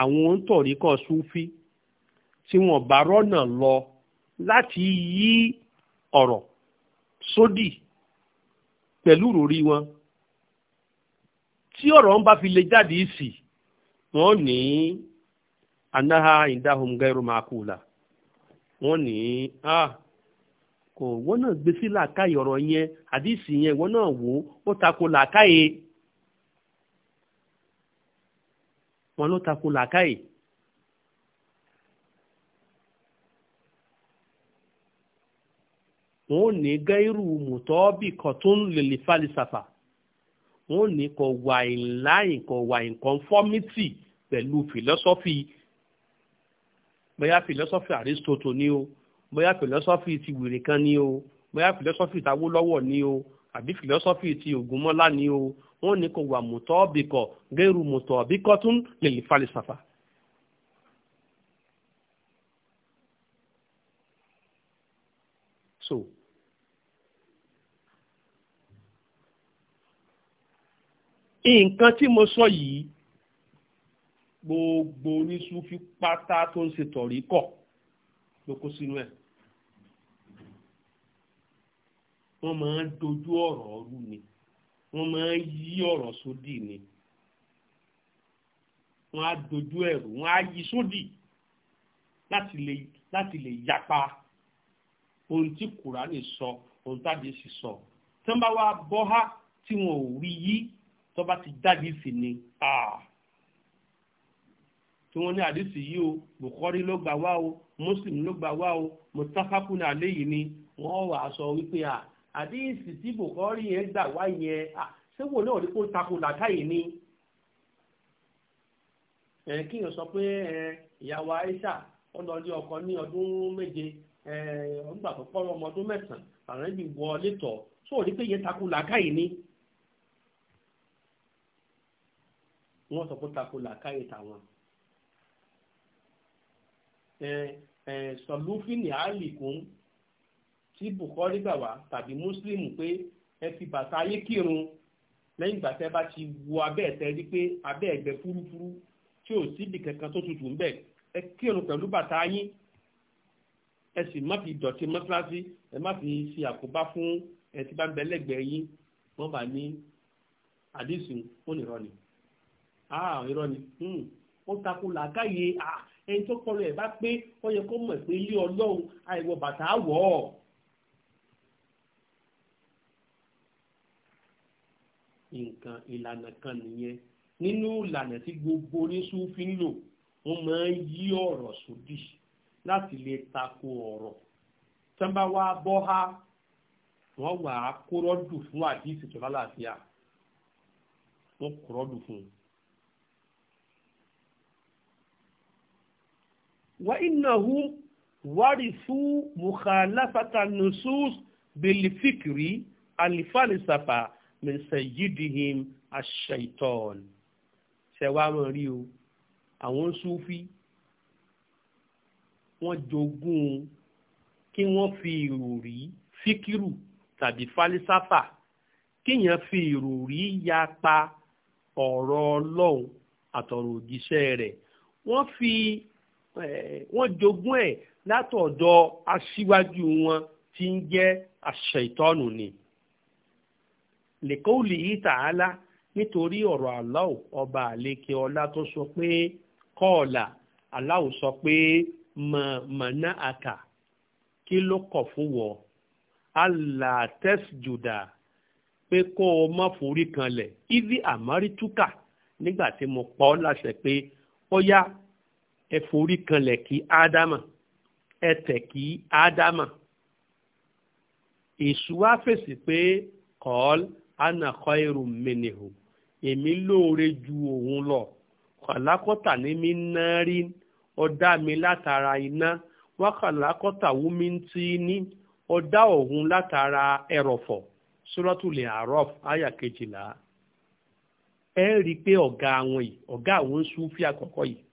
àwọn òǹtọ̀ríkọ̀ Súfí tí wọ́n bá rọ́nà lọ láti yí ọ̀rọ̀ sódì pẹ̀lú ròrí wọn tí ọ̀rọ̀ ń bá fi lè jáde ìsì wọ́n ní anáhà ìdáhùn gẹ́rù máa kú la wọ́n ní a ah, kò wọ́n náà gbé sí làákàyè ọ̀rọ̀ yẹn àdìsí yẹn wọ́n náà wò ó tako làákàyè wọ́n ló tako làákàyè. wọn ò ní gẹ́rù mùtọ́bì kan tó ń lèlè falisafa wọn ò ní kọ wà in kọ wà in pẹ̀lú philosophy bóyá philosophy Aristotle ni o bóyá philosophy ti wèrè kan ni o bóyá philosophy ti Awólọ́wọ̀ ni o àbí philosophy ti Ògúnmọ́lá ni o wọn ò ní kọ wà mùtọ́bì kan gẹ́rù mùtọ́bì kan tó ń lèlè falisafa. nǹkan tí mo sọ yìí gbogbo oníṣúfí pátá tó ń ṣe tọ̀rí kọ̀ ló kó sínú ẹ̀ wọ́n máa ń dojú ọ̀rọ̀ ọ̀rú ni wọ́n máa ń yí ọ̀rọ̀ sódì ni wọ́n á dojú ẹ̀rù wọ́n á yí sódì láti lè láti lè yapa ohun tí kùránì sọ ohun tádìí sì sọ tí wọ́n bá wá bọ́ há tí wọn ò rí yìí tó bá ti jáde sí ni tí wọ́n ní àdìsí yìí o Bukhari ló gbà wá o Muslim ló gbà wá o mustafakun aléyìí ni wọ́n wà sọ wípé à àdìsí tí Bukhari yẹn gbà wá yẹn à sẹ́wọ̀n náà ní kó takò làkàyè ni kíyàn sọ pé ìyàwó Aisha ọlọ́ọ̀lẹ́ ọkọ ní ọdún méje ọgbà tó ọmọ ọdún mẹ́sàn-án àrẹ́bí wọ létọ̀ sóòrí pé yẹn takò làkàyè ni. wọ́n sọ pé tako làákàyè tàwọn. ẹ ẹ sọlúfìnì àlìkún tí Bukhari gbà wá tàbí Muslim pé ẹ fi bàtà ayé kírun lẹ́yìn ìgbà tẹ́ bá ti wo abẹ́ ẹ̀tẹ́ rí pé abẹ́ ẹ̀gbẹ́ fúrúfúrú tí ò síbi kankan tó tutù ń bẹ̀ ẹ kírun pẹ̀lú bàtà yín ẹ sì má fi dọ̀tí mọ́tíláṣí ẹ má fi ṣe àkóbá fún ẹ tí bá ń bẹ lẹ́gbẹ̀ẹ́ yín wọ́n bá ní àdísùn ó nìrọ̀ ni ah irọ́ ni hmm. ó takò làákàyè ah ẹni tó kọlu ẹ̀ bá pé ó yẹ kó mọ̀ pé ilé ọlọ́run àìwọ bàtà wọ̀ ọ́. nǹkan ìlànà kan nìyẹn nínú ìlànà tí gbogbo oníṣúfì ń lò wọ́n máa ń yí ọ̀rọ̀ sódì láti lè takò ọ̀rọ̀ tí wọ́n bọ́ ha wọ́n wà á kórọ́dù fún àdìsí tó lálàáfíà wọ́n kórọ́dù fún un. wa innahu warisu mukhalafata nusus bilifikiri alifalisafa min sayyidihim ash-shaytan ṣẹwàá mọ̀ rí o àwọn sufi wọ́n jogún kí wọ́n fi ìròrí fíkírù tàbí falisafa kíyàn fi ìròrí yapa ọ̀rọ̀ ọlọ́run àtọ̀rọ̀ òjíṣẹ́ rẹ̀ wọ́n fi wọ́n jogún ẹ̀ látọ̀dọ̀ aṣíwájú wọn tí ń jẹ́ àṣẹ̀tọ́nù ni lèkóòlì yìí tààlà nítorí ọ̀rọ̀ Allah ọba àlékè ọlá tó sọ pé kọ́ọ̀là Allah sọ pé mọ̀mọ́ná àkà kí ló kọ̀ fún wọ́ Allah tẹ́sìjùdà pé kó o má forí kanlẹ̀ ibi àmọ́rítúkà nígbà tí mo pọ́ láṣẹ pé ó yá ẹ kan le ki adama ẹ tẹ̀ kí ádámà fesi pe fèsì pé kọ́ọ́l ana khairun minhu lóore ju òun lọ kàlákọ́tà ní mi náà rí ọ̀dá mi látara iná wá kàlákọ́tà wú mi ti ní ọ̀dá òun látara ẹrọ̀fọ̀ suratul A'raf àyà kejìlá ẹ rí i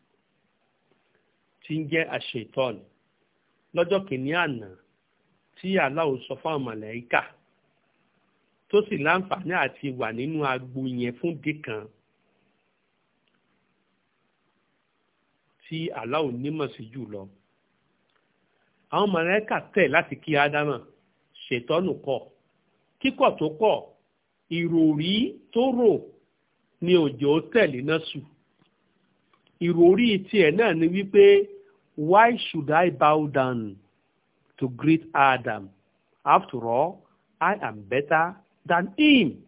tí ń jẹ́ àṣetọ́ọ̀nù lọ́jọ́ kìíní àná tí aláwo sọ fáwọn màláíkà tó sì láǹfààní àti wà nínú agbo yẹn fún dìkan tí aláwo nímọ̀ sí jù lọ. àwọn màláíkà tẹ̀ láti kí ádámà ṣètọ́nù kọ̀ kíkọ̀ tó kọ̀ ìròrí tó rò ni òjò tẹ̀lé náà sùn ìròrí tiẹ̀ náà ni wípé Why should I bow down to greet Adam? After all, I am better than him.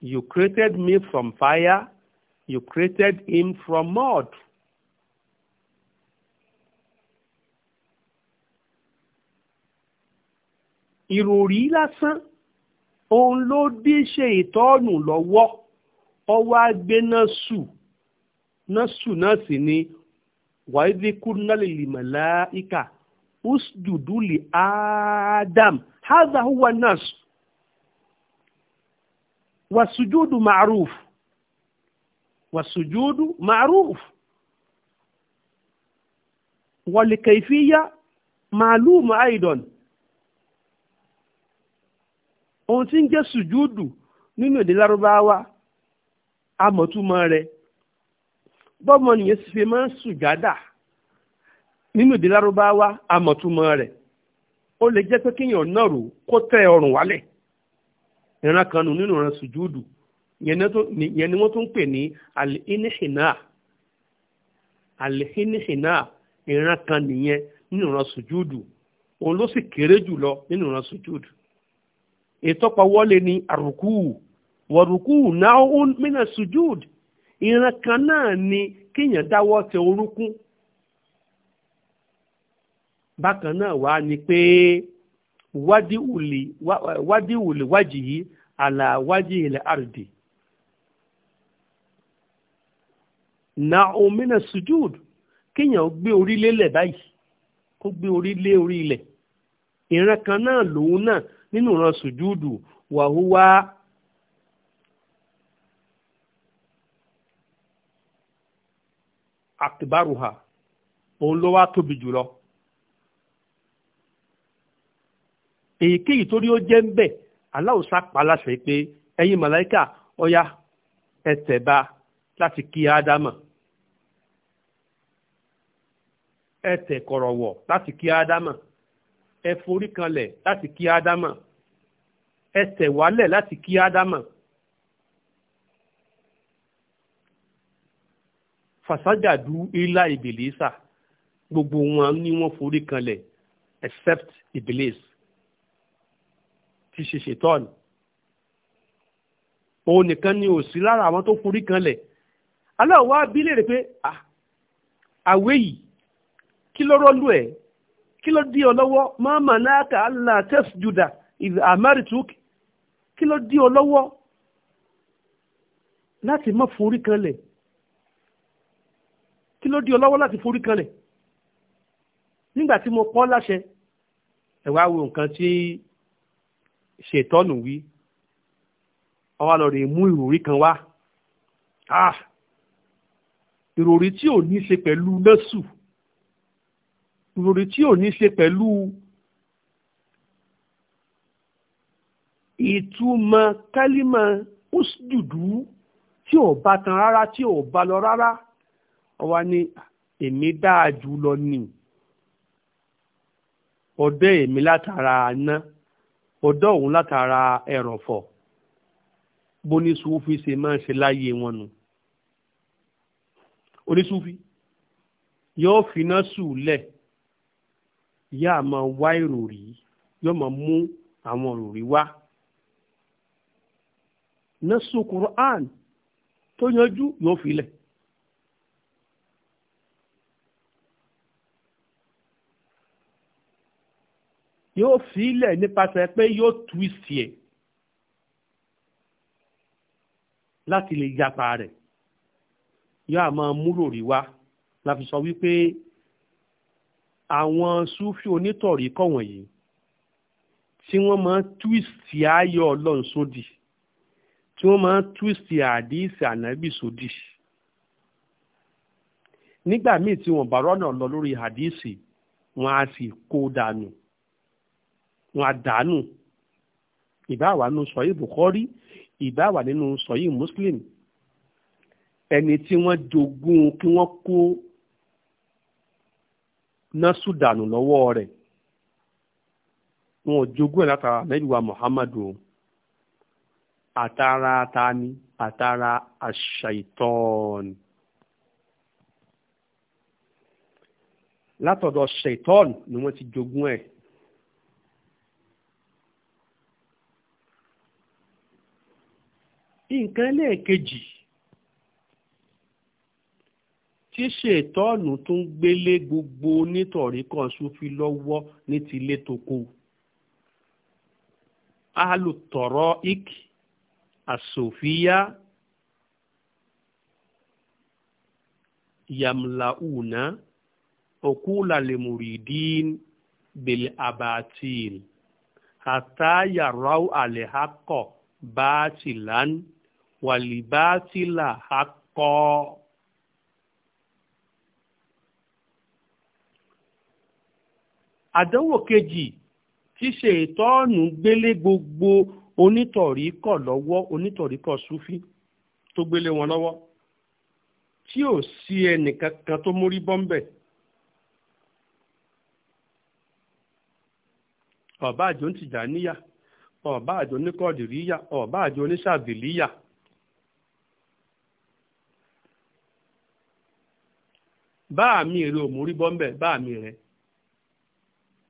You created me from fire. You created him from mud. Ìròrí lásán, òun ló dí ṣe ìtọ́nù lọ́wọ́. ọ wá gbé náà sù náà sù náà sì ni wàídí kúrúnálì lìmọ̀láìkà usdudu li adam haza huwa nas wasujudu ma'ruf wasujudu ma'ruf walikaifiya ma'lum aidan ohun tí ń jẹ́ sùjúdù nínú èdè lárúbáwá amọ̀túmọ̀ rẹ̀ bọ́mọ nìyẹn sì fi máa ń sùjádà nínú èdè lárúbáwá amọ̀túmọ̀ rẹ̀ ó lè jẹ́ pé kéèyàn náà rò kó tẹ́ ọrùn wálẹ̀ ìran kan nínú ìran sùjúdù yẹn ni wọ́n tún ń pè ní alìhínìhìnà alìhínìhìnà ìran kan nìyẹn nínú ìran sùjúdù òun ló sì kéré jùlọ nínú ìran ni àrùkù wọ̀rùkú náà mínà sujúd ìran kan náà ni kíyàn dáwọ́ tẹ bákan náà wá ni pé wádìwùlì wájì yìí àlàwájì ilẹ̀ àrùdì náà mínà sujúd kíyàn gbé orí lélẹ̀ báyìí ìran kan náà lòun náà nínú akibaruha òun ló wá tóbi jùlọ èyíkéyìí torí ó jẹ́ ń bẹ̀ aláwòsá paláṣẹ pé ẹ̀yin màláìkà ọ̀ya ẹ̀tẹ̀ba láti kí ádámà ẹ̀tẹ̀ kọ̀rọ̀wọ̀ láti kí ádámà ẹ̀forí kanlẹ̀ láti kí ádámà ẹ̀tẹ̀ wálẹ̀ láti kí ádámà. fasajadu ilá ìbìlísà gbogbo wọn ni wọ́n forí kanlẹ̀ except ìbìlís ti ṣe ṣètọ́ọ̀nù òun nìkan ni ò sí lára àwọn tó forí kanlẹ̀ aláwọ̀ wá bí léèrè pé àwé yìí kí ló rọ́lú ẹ̀ kí ló dí ọ lọ́wọ́ máa mà náà kà á là tasjuda ìdí àmárìtúk kí ló dí ọ lọ́wọ́ láti má forí kanlẹ̀ ló di ọlọ́wọ́ láti forí kanlẹ̀ nígbà tí mo pọ́ láṣẹ ẹ wá wo nǹkan tí ṣètọ́nù wí ọwọ́ lọ rè mú ìròrí kan wá ah! ìròrí tí ò ní ṣe pẹ̀lú nọ́ọ̀sù ìròrí tí ò ní ṣe pẹ̀lú ìtumọ̀ kálímà ó dùdú tí ò bá tan rárá tí ò bá lọ rárá ó wá ní èmi dáa jù lọ ni ọ̀dọ̀ èmi látara aná ọ̀dọ̀ òun látara ẹ̀rọ̀fọ̀ bó ní sùúfì ṣe máa ń ṣe láyé wọn nù onísùúfì yóò finá sùúlẹ̀ yóò máa wá ìròrí yóò máa mú àwọn ìròrí wá násù Qur'an tó yanjú yóò filẹ̀. yóò fílẹ̀ nípasẹ̀ pé yóò twist ẹ̀ láti lè yapa rẹ̀ yóò á máa múrò rí wá la fi sọ wípé àwọn súfì onítọ̀rí kọ̀ wọ̀nyí tí wọ́n máa twist ayọ̀ ọlọ́run sódì tí wọ́n máa twist àdíìsì ànábì sódì nígbà míì tí wọ́n bá rọ́nà lọ lórí àdíìsì wọ́n á sì kó dànù wọn àdánù ìbá wà nínú sọ̀yí Bukhari ìbá wà nínú sọ̀yí Muslim ẹni tí wọ́n jogún kí wọ́n kó násù dànù lọ́wọ́ rẹ̀ wọn ò jogún ẹ̀ látara nẹ́bíwá Muhammadu àtara tani àtara àṣàìtọ́ọ̀nì látọ̀dọ̀ ṣàìtọ́ọ̀nì ni wọ́n ti jogún ẹ̀. nǹkan lẹ́ẹ̀kejì tí ṣètọ́ọ̀nù tún gbélé gbogbo onítọ̀rí kan súnfí lọ́wọ́ ní tilé toko alùtọ̀rọ̀ ik àsòfíà yamlauna okúlalèmùrìdín bèlè àbàtìl àtàyàrá àlèhákọ̀ bá tìlánì wàlìbátìlà akọ. àdánwò kejì tí ṣètọ́ọ̀nù gbélé gbogbo onítọ̀ríkọ̀ lọ́wọ́ onítọ̀ríkọ̀ súfí tó gbélé wọn lọ́wọ́ tí ò sí ẹnìkankan tó mórí bọ́m̀bẹ̀. ọ̀bá àjò ń tìjà níyà ọ̀bá àjò oníkọ̀dìríyà ọ̀bá àjò oníṣàdìlíyà. bá àmì rẹ ò mórí bọ́ ńbẹ̀ bá àmì rẹ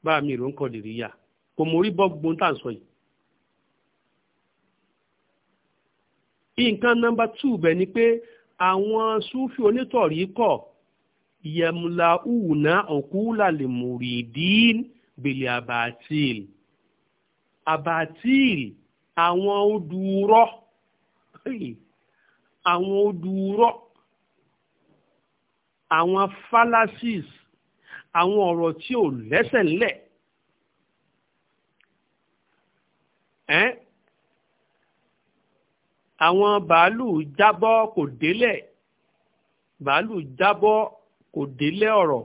bá àmì rẹ ń kọ́ dìrí yá kò mórí bọ́ gbọ́n tá à ń sọ yìí. nǹkan nọmba tù bẹ̀ ni pé àwọn súfì onítọ̀rí kọ̀ yẹmúlá ùnà ọ̀kúlà lè múrí dín bèlè àbàtìl àbàtìl àwọn odùúrọ̀ àwọn odùúrọ̀ àwọn fallacies àwọn ọ̀rọ̀ tí ò lẹ́sẹ̀ ńlẹ̀ ẹ́n àwọn bàálù jábọ́ kò délẹ̀ bàálù jábọ́ kò délẹ̀ ọ̀rọ̀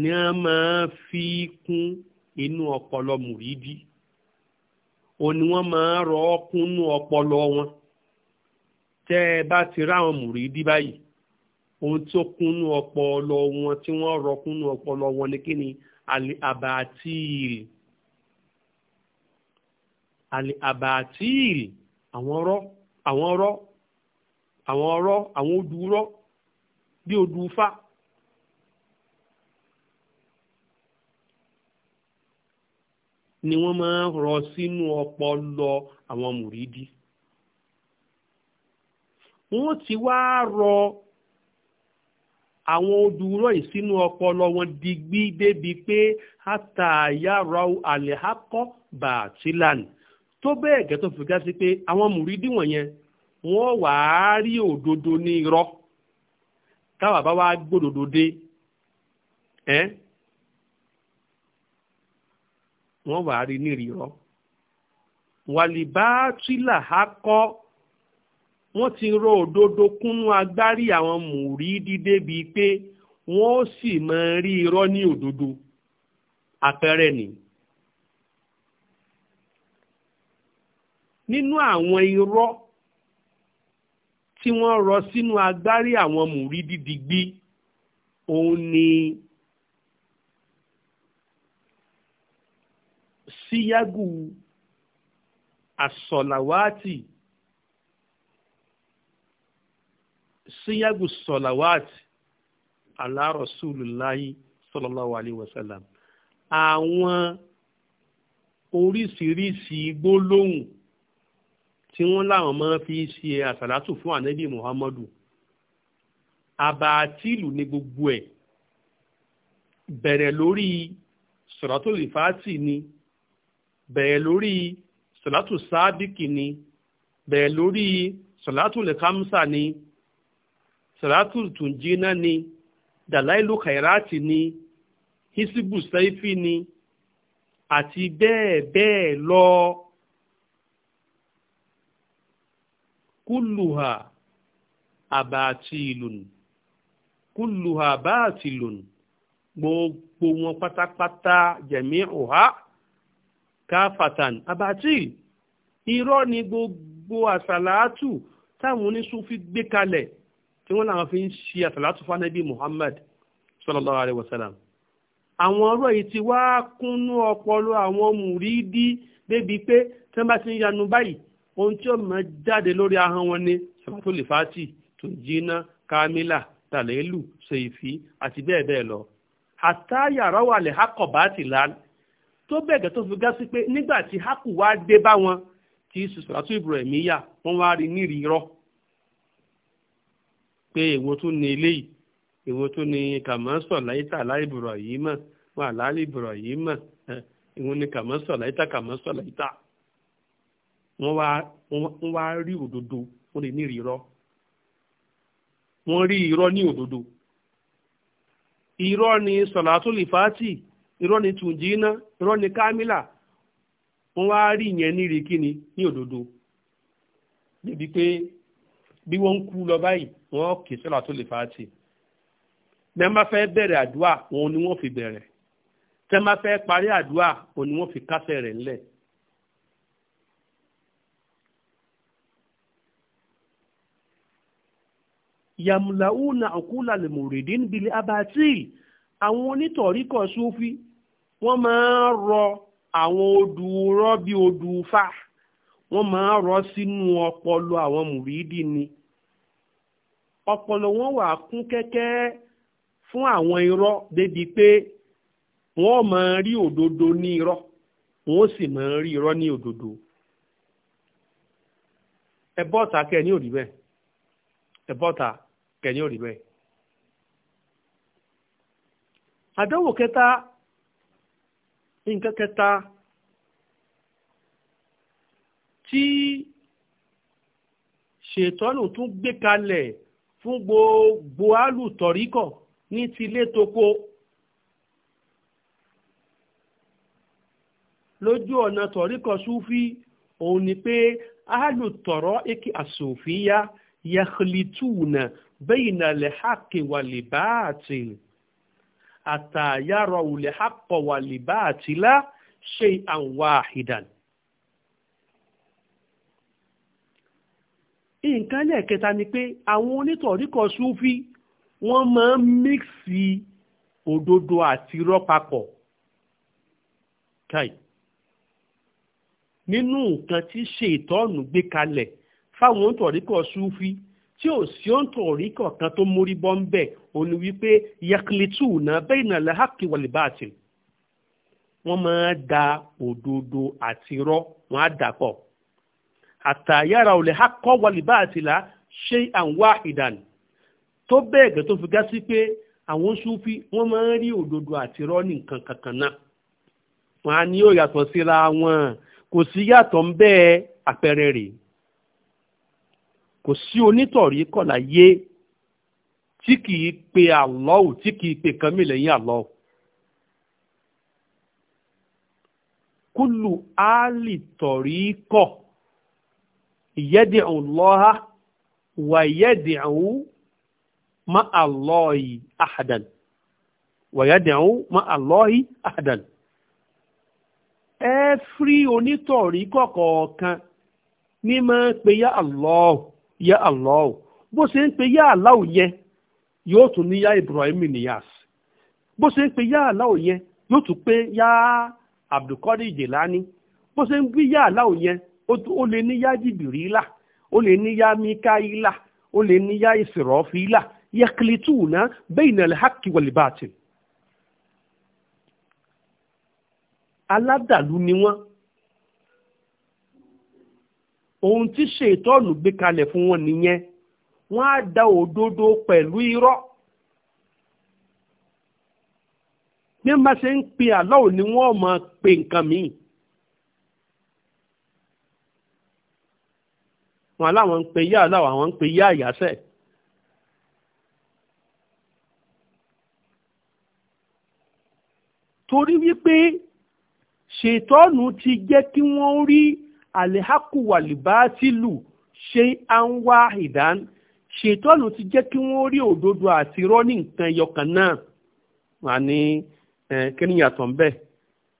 ni a máa fi kún inú ọpọlọ mùrídìí ó ní wọ́n máa rọ ọkùnú ọpọlọ wọn tẹ́ ẹ bá ti ráwọn mùrídìí báyìí ohun tó kúnnú ọpọlọ wọn tí wọ́n rọ kúnnú ọpọlọ wọn ni kíni àbàtíìl àbàtíìl àwọn ọ̀rọ̀ àwọn ọ̀rọ̀ àwọn ọ̀rọ̀ àwọn odùúrọ bí odùúfà. ni wọ́n máa ń rọ sínú ọpọlọ àwọn mùrídìí wọ́n ti wá rọ àwọn odùúrọ̀ yìí sínú ọpọlọ wọn digbí débi pé àtàyàrá àlẹ́hákọ́ bàtílan tó bẹ́ẹ̀ gẹ́ tó fi gá sí pé àwọn mùrídì wọ̀nyẹn wọ́n wàá rí òdodo ní irọ́ táwa bá wá gbódòdó dé ẹ́ wọ́n wàá rí ní irọ́ wàlìbá tílà hákọ́ wọ́n ti rọ òdodo kúnnú agbárí àwọn mùrídìí débi pé wọ́n ó sì máa rí irọ́ ní òdodo àpẹẹrẹ ni. nínú àwọn irọ́ tí wọ́n rọ sínú agbárí àwọn mùrídìí digbí òun ni síyágù àsọ̀làwátì. Si síyàgù sọ̀làwáàtì ala Rasulullahi sallallahu alayhi wa sallam àwọn oríṣiríṣi gbólóhùn tí wọ́n láwọn máa fi ṣe àsàlátù fún ànábì muhammadu àbàtìlù ní gbogbo ẹ̀ bẹ̀rẹ̀ lórí sọ̀látù rìfáàtì ni bẹ̀rẹ̀ lórí sọ̀látù sáàdìkì ni bẹ̀rẹ̀ lórí sọ̀látù lẹ́kámsà ni siratul tunjina ni dalailu khairati ni hisibu saifi ni àti bẹ́ẹ̀ bẹ́ẹ̀ lọ kulluha abatilun kulluha batilun gbogbo wọn pátápátá jami'uha káfàtàn abatil irọ́ ni gbogbo àsàlátù táwọn oníṣúfí gbé kalẹ̀ tí wọ́n làwọn fi ń ṣe àtàlátù fánẹ́bí Muhammad sallallahu alaihi wasallam àwọn ọ̀rọ̀ yìí ti wá kúnnú ọpọlọ àwọn mùrídí débi pé tí wọ́n bá ti ń yanu báyìí ohun tí ó mọ̀ jáde lórí ahọ́n wọn ni sàfàtò lè fàtì kamila tàlẹ́lù seifi, àti bẹ́ẹ̀ bẹ́ẹ̀ lọ àtàyàrá wà lè hákọ̀ bá ti lá tó bẹ̀gẹ̀ tó fi gá sí pé nígbà tí hákù wá dé bá wọn tí sùsùlátù Ibrahimiyya wọ́n wá rí nírìírọ́ pé èwo tún ní eléyìí èwo tún ní kàmọ́sọ̀ láyítà láìbùrọ̀ yìí mọ̀ wà láìbùrọ̀ yìí mọ̀ èwo ni kàmọ́sọ̀ láyítà kàmọ́sọ̀ láyítà wọ́n wá wọ́n wá rí òdodo wọ́n lè ní wọ́n ni sọ̀làtúlì fàátì ni tùǹjìínà ni kámílà wọ́n wá rí ìyẹn ní ni ní òdodo débi pé bí wọ́n ń kú lọ báyìí wọ́n kì í sọ́là tó lè fàátì tẹ́ máa fẹ́ bẹ̀rẹ̀ àdúrà òun ni wọ́n fi bẹ̀rẹ̀ tẹ́ máa fẹ́ parí àdúrà òun ni wọ́n fi kásẹ̀ rẹ̀ ńlẹ̀. yàmùláwùnà ọ̀kúnlá lè mùrìdín bílẹ̀ abàtì àwọn onítọ̀ríkọ̀ sófi wọ́n máa ń rọ àwọn odù rọ́ bí odù fáà. wọ́n máa rọ sínú ọpọlọ àwọn mùrídì ni ọpọlọ wọn wà kún kẹ́kẹ́ fún àwọn irọ́ débi pé wọ́n máa rí òdodo ní irọ́ wọ́n sì máa rí irọ́ ní òdodo ẹ bọ́ta kẹ́ ẹ ní òrí bẹ́ẹ̀ ẹ bọ́ta kẹ́ ẹ ní òrí bẹ́ẹ̀. àdánwò kẹta nǹkan kẹta tí ṣètọ́nù tún gbé kalẹ̀ fún gbogbo alùtọ̀ríkọ̀ ní tilé toko lójú ọ̀nà tọ̀ríkọ̀ súfí òun ni pé alùtọ̀rọ̀ èkì àsòfíyá yakhlituna bayna lẹ́hàkì wà lè báàtì àtàyàrọ̀ wùlẹ̀ hàkọ̀ wà lè báàtì lá ṣe àwọn àhìdàn nǹkan lẹ́ẹ̀kẹta ni pé àwọn onítọ̀ríkọ̀ súfí wọ́n máa ń mixi òdodo àti irọ́ papọ̀ káì nínú nǹkan tí ṣètọ́nù gbé kalẹ̀ fáwọn onítọ̀ríkọ̀ súfí tí ò sí onítọ̀ríkọ̀ kan tó mórí bọ́ ń bẹ̀ òun ni wípé yakilitu náà bẹ́ẹ̀ náà lẹ́hàkì wọlé bá àtìlù wọ́n máa da òdodo àti irọ́ wọ́n á dà pọ̀ àtà yára ò lè ha kọ́ waliba bá àtìlá ṣe àwọn ìdánù tó bẹ́ẹ̀ gẹ́ tó fi gá sí pé àwọn súfí wọ́n máa ń rí òdodo àti irọ́ nǹkan kankan náà wọn á ní ó yàtọ̀ síra wọn kò sí yàtọ̀ ń bẹ́ẹ̀ àpẹẹrẹ rèé kò sí onítọ̀rí kọ̀lá yé tí kìí pe àlọ́ù tí kìí pe kan milenia lẹ́yìn kulu kúlù áàlì tọ̀rí kọ̀ yẹ́dìí lọ́ha wa yẹ́dìí ma ma allahi àhàdàn. ẹ́fírí onítọ̀rí kọ̀ọ̀kan ní máa ń pe yá Allah ya Allah bó ṣe ń pe ya Allah yẹn yóò tún ní yá Ibrahim Niyas bó ṣe pe ya Allah yẹn yóò tún Abdulkadir Jelani bó ṣe ń gbé ya. Allah o le ní yá jìbìrìlà o le ní yá mikaila o le ní yá ìsìrọ̀fìlà yakilituna bayna al-haqqi wal-batil. aládàlú ni wọ́n ohun tí ṣètọ́ọ̀nù gbé kalẹ̀ fún wọn nìyẹn Wọn á da òdodo pẹ̀lú irọ́ bí wọ́n bá ṣe ń pe àlọ́ òní pe nǹkan mìíràn wọn aláwọn ń pe yá aláwọ̀ àwọn ń pe yá àyàsẹ̀. torí wípé ṣètọ́nù ti jẹ́ kí wọ́n rí àlẹ́hákùwàlìbátìlù ṣe àǹwá ìdán ṣètọ́nù ti jẹ́ kí wọ́n rí òdodo àti irọ́ ní nǹkan ẹyọkan náà wà ní kíníyàtọ̀ ńbẹ́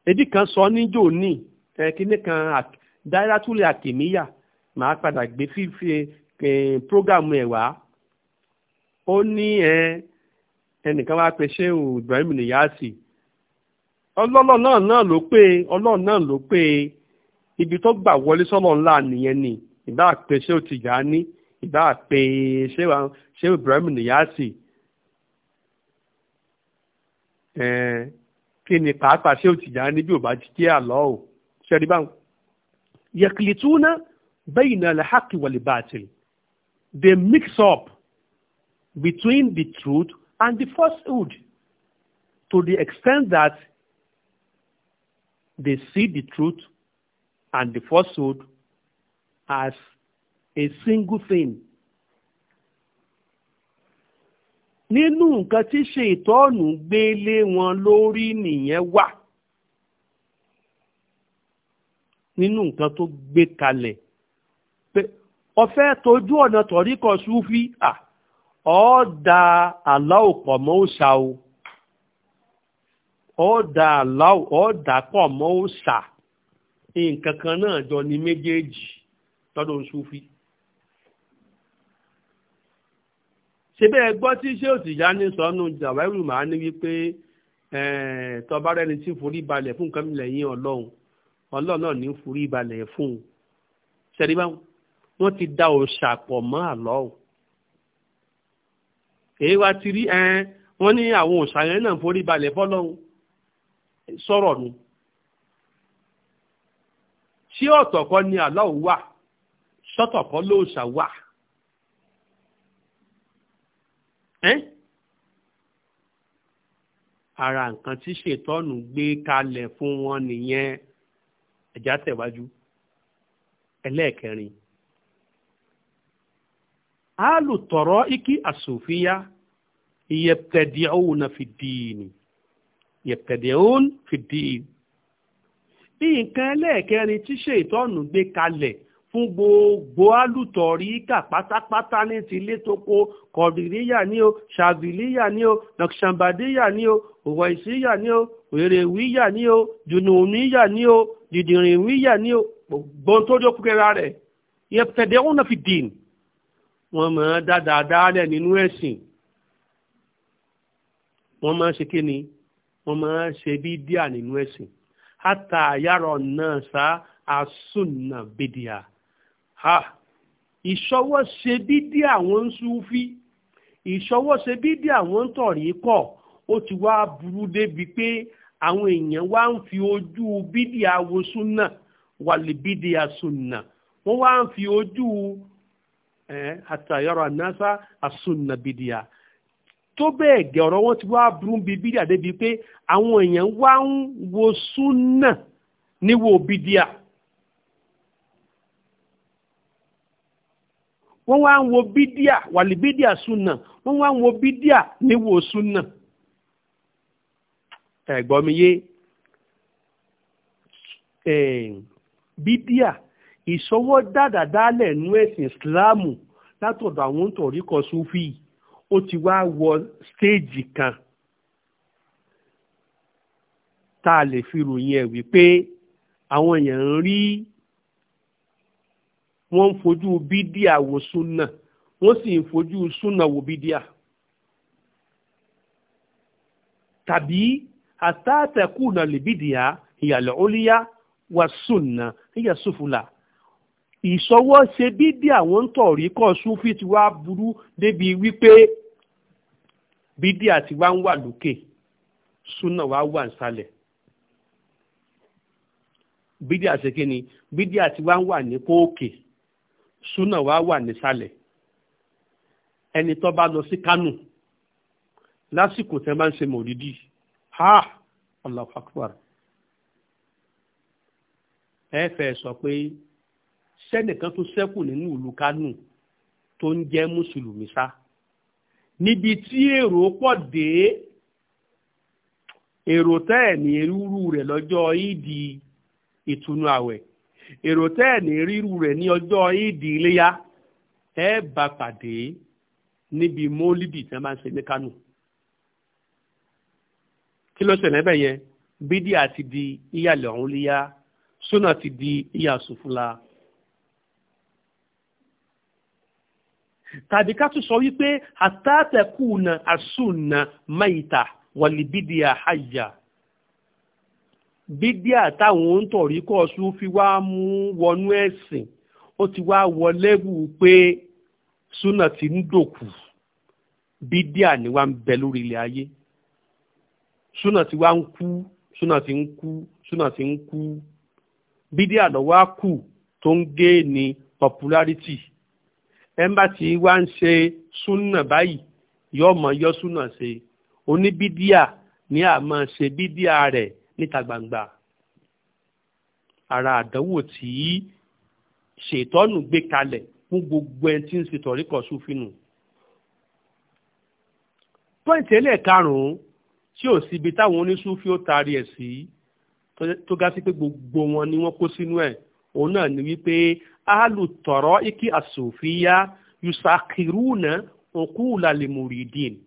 èdè kan sọ níjó ní kíní kan dáírátúlẹ̀ àkèmíyà màá padà gbé fífi prógámù ẹ̀ wá ó ní ẹ ẹnìkan wá pe ṣé òun Ibrahim Niyasi ọlọ́lọ́ náà náà ló pé ọlọ́run náà ló pé ibi tó gbà wọlé sọ́lọ́ ńlá nìyẹn ni ìbá pe ṣé ó ti yá ní ìbá pe ṣé Ibrahim Niyasi kí ni pàápàá ṣé ó ti yá ní bí ò bá ti jẹ́ àlọ́ ò ṣẹ́ni báwọn yẹ̀kìlì túná bayna al-haqqi wal They mix up between the truth and the falsehood to the extent that they see the truth and the falsehood as a single thing. Nínú nǹkan tí ṣètọ́nù gbé lé wọn lórí nìyẹn wà. Nínú nǹkan tó gbé kalẹ̀ ọfẹ́ tójú ọ̀nà tọ̀ríkọ̀ súfí à ọ̀ọ́dà aláwò pọ̀ mọ́ òòṣà o ọ̀ọ́dà aláwò ọ̀ọ́dà pọ̀ mọ́ òòṣà nǹkan kan náà jọ ní méjèèjì tọ́dún súfí. ṣebí ẹ gbọ́ tí ṣé òsì yá ní sọnù jàwẹ́rù màá ní wípé tọba rẹni tí forí balẹ̀ fún nǹkan mi lẹ́yìn ọlọ́run ọlọ́run náà ní forí balẹ̀ fún un ṣẹ́ni báwọn wọ́n ti da òòṣà pọ̀ mọ́ àlọ́ o èyí wa ti rí ẹn wọ́n ní àwọn òòṣà yẹn náà forí balẹ̀ fọ́lọ́hún sọ̀rọ̀ nu ṣé ọ̀tọ̀ kọ́ ni àlọ́ wà sọ́tọ̀ kọ́ lóòṣà wà ẹ́n ara nǹkan tí ṣètọ́nù gbé kalẹ̀ fún wọn nìyẹn ẹ̀já tẹ̀wájú ẹlẹ́ẹ̀kẹrin alu tọrọiki asufiya yẹpẹdiẹwuna fi diini yẹpẹdiẹwun fi diini. nǹkan ẹlẹ́ẹ̀kẹrin tí ṣètọ́nù gbé kalẹ̀ fún gbogbo alùtọ̀ríkà pátápátá ní tilé tó kó kọ̀dìríyà ní o ṣàbìlíyà ní o nàkṣàmbàdíyà ní o òwòìsíyà ní o òyèrèwíyà ní o jùnùníyà ní o dìdìrìnwíyà ní o gbọ́n tó dókúkẹ́ra rẹ̀ yẹpẹdiẹwuna fi diini wọ́n máa dáadáa dáálẹ̀ nínú ẹ̀sìn wọ́n máa ṣe kíni wọ́n máa ṣe bídíà nínú ẹ̀sìn hátà àyàrọ̀ náà sá àsùnà bídíà ha ìṣọwọ́ ṣe bídíà wọ́n ń súfí ìṣọwọ́ ṣe bídíà wọ́n ń tọ̀rí kọ̀ ó ti wá burú débi pé àwọn èèyàn wá ń fi ojú bídíà wo súnà wàlẹ̀ bídíà súnà wọ́n wá ń fi ojú hatta yara nasa asunna bidia tó bẹ́ẹ̀ gẹ̀ ọ̀rọ̀ wọn ti wá burú bíi bídíà débi pé àwọn èèyàn wá ń wo súnà níwò bídíà wọ́n wá ń wo bídíà wàlí bídíà súnà wọ́n wá ń wo bídíà níwò súnà mi yé bídíà ìṣọwọ́ dàdàdálẹ̀ nú ẹ̀sìn Islamu, látọ̀dọ̀ àwọn tọ̀ríkọ sufi ó ti wá wọ stéèjì kan tá a lè fi ròyìn ẹ̀ wípé àwọn èèyàn ń rí wọ́n ń fojú bídíà wo súnà wọ́n sì ń fojú súnà wo bídíà tàbí àtàtẹ̀kùnà lè bídíà ìyàlẹ̀ ó líyá wà súnà ìyà ìṣọwọ́ ṣe bídí àwọn ń tọ̀rí kọ́ súnfì tí wàá burú débi wípé bídí àti wá ń wà lókè súnà wá wà nísàlẹ̀ bídí àti kíni bídí àti wá ń wà ní kóòkè súnà wá wà nísàlẹ̀ ẹni tó bá lọ sí Kánò lásìkò tẹ́ máa ń ṣe mòlídì ha Allahu Akbar ẹ fẹ́ sọ pé sẹ́nìkan tó ṣẹ́kù nínú ìlú Kánò tó ń jẹ́ mùsùlùmí sá níbi tí èrò pọ̀ dé èrò tẹ́ ẹ̀ ní rírú rẹ̀ lọ́jọ́ ìdí ìtúnu àwẹ̀ èrò tẹ́ ẹ̀ ní rírú rẹ̀ ní ọjọ́ ìdí iléyá ẹ bá pàdé níbi mólíbì tí wọ́n máa ń ṣe ní Kánò kí ló ṣẹlẹ̀ bẹ́ẹ̀ yẹn bídíà ti di ìyàlẹ̀ ọ̀hún léyá súnà ti di ìyàsùfúnla tàbí ká tún sọ wípé àtàtẹ̀kùnà àsùnà máìta wàlìbídìá àyà bídíà táwọn ń tọ̀rí kọ́ sún fi wá mú wọnú ẹ̀sìn ó ti wá wọlé wù pé súnà ti ń dòkù bídíà ni wá ń bẹ lórí ilẹ̀ ayé súnà ti wá ń kú súnà ti ń kú súnà ti ń kú bídíà lọ́wọ́ á kù tó ń gé ní popularity ẹ̀ńbà tí wá ń ṣe súnà báyìí yọ ọmọ yọ súnà ṣe oníbídíà ní àmọ́ ṣe bídíà rẹ̀ níta gbangba ara àdánwò tí ṣètọ́nù gbé kalẹ̀ fún gbogbo ẹni tí ń ṣe tọ̀ríkọ̀ súnfínù. pọ́ìntì ẹlẹ́ẹ̀karùn-ún tí ò síbi táwọn oníṣúfí ó taari ẹ̀ sí tó gá sí pé gbogbo wọn ni wọ́n kó sínú ẹ̀ òun náà ni wípé أهل الطرائق الصوفية يسخرون عقول المريدين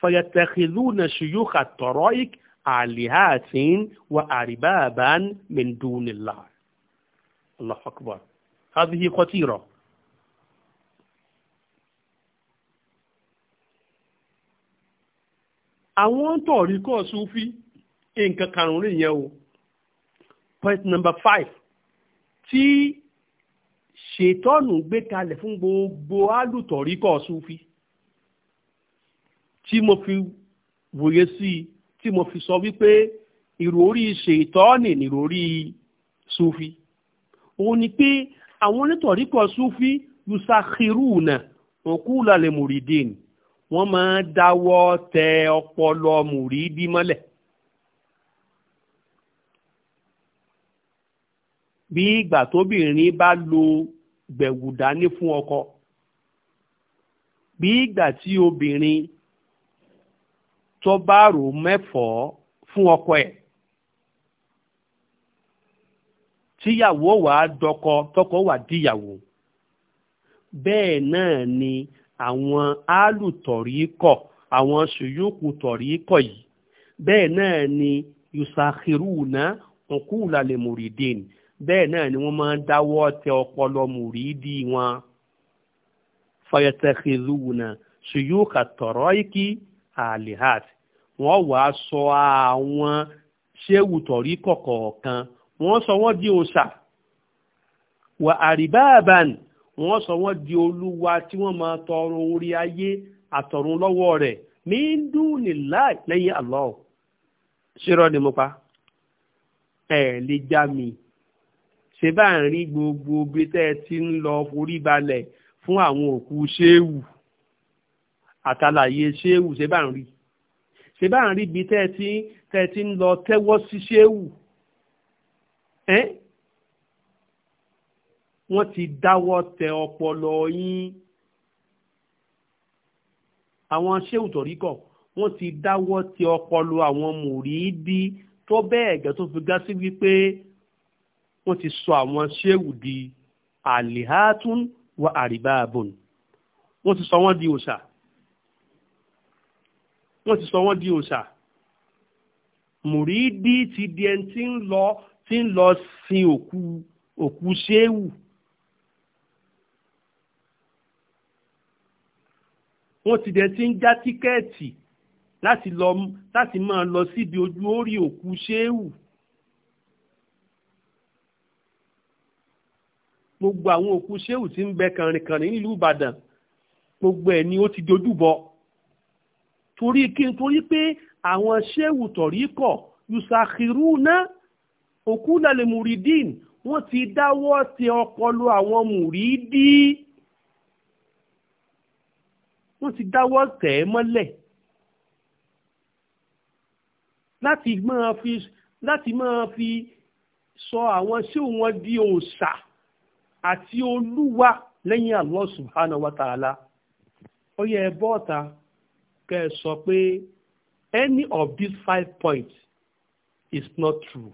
فيتخذون شيوخ الطرائق آلهات وأربابا من دون الله الله أكبر هذه خطيرة àwọn tọ̀ríkọ̀ sufi nǹkan karùn-ún yẹn o point number five tí ṣètọ́nù gbé kalẹ̀ fún gbogbo alùtọ̀ríkọ̀ sufi tí mo fi wòye sí i tí mo fi sọ wípé ìròrí ṣètọ́nì nìròrí sufi òun ni pé àwọn onítọ̀ríkọ̀ sufi yusakhiruna òkúlà lè mùrìdìn wọ́n máa dáwọ́ tẹ ọpọlọ mùrìdí mọ́lẹ̀. bí ìgbà tóbìnrin bá lo gbẹ̀wù dání fún ọkọ bí ìgbà tí obìnrin tó bá rò mẹ́fọ̀ọ́ fún ọkọ ẹ̀ tíyàwó wà á dọkọ tọkọ wà díyàwó bẹ́ẹ̀ náà ni àwọn álùtọ̀rí kọ̀ àwọn ṣùyùkù tọ̀rí kọ̀ yìí bẹ́ẹ̀ náà ni yusakhiru na ọkùnrin lálẹ́ mùrìdín bẹ́ẹ̀ náà ni wọ́n máa ń dáwọ́ tẹ ọpọlọ mùrídì wọn fayatakhizuna suyuka tọ̀rọ̀ìkì alihat wọ́n wà á sọ àwọn ṣéwù tọ̀rí kọ̀kọ̀ọ̀kan wọ́n sọ wọ́n di òòṣà wà àríbáàbàn wọ́n sọ wọ́n di olúwa tí wọ́n máa tọrọ orí ayé àtọ̀run lọ́wọ́ rẹ̀ mí ń dùn nílá lẹ́yìn Allah ṣírọ́ ni mo pa ẹ̀ lè já mi ṣe bá ń rí gbogbo ibi tẹ́ ẹ ti ń lọ forí balẹ̀ fún àwọn òkú ṣéwù àtàlàyé ṣéwù ṣe bá ń rí ṣe bá ń rí ibi tẹ́ ẹ ti tẹ́ ẹ ti ń lọ tẹ́wọ́ sí ṣéwù ẹ́ wọ́n ti dáwọ́ tẹ ọpọlọ yín àwọn ṣéwù tọ̀ríkọ̀ wọ́n ti dáwọ́ tẹ ọpọlọ àwọn mùrídìí tó bẹ́ẹ̀ gẹ́ tó fi gá sí wípé wọ́n ti sọ àwọn ṣéwù di alihatun wa àríbáàbùn wọ́n ti sọ wọ́n di òṣà wọ́n ti sọ wọ́n di òṣà mùrídì ti di ẹni tí ń lọ tí ń lọ sin òkú òkú ṣéwù wọ́n ti dẹ̀ ti ń já tíkẹ́ẹ̀tì láti lọ láti máa lọ síbi ojú orí òkú ṣéwù. gbogbo àwọn òkú ṣéwù tí ń bẹ kànrìnkànrìn nílùú ìbàdàn gbogbo ẹ̀ ni ó ti dojú bọ torí kí n torí pé àwọn ṣéwù tọ̀rí kọ̀ yusakiru náà òkú lálẹ́ muridin wọ́n ti dáwọ́ ti ọpọlọ àwọn mùrídì wọ́n ti dáwọ́ tẹ̀ ẹ́ mọ́lẹ̀ láti máa fi láti máa fi sọ àwọn ṣéwù wọn di òòṣà. àti olúwa lẹ́yìn Allah wa ta'ala ó yẹ any of these five points is not true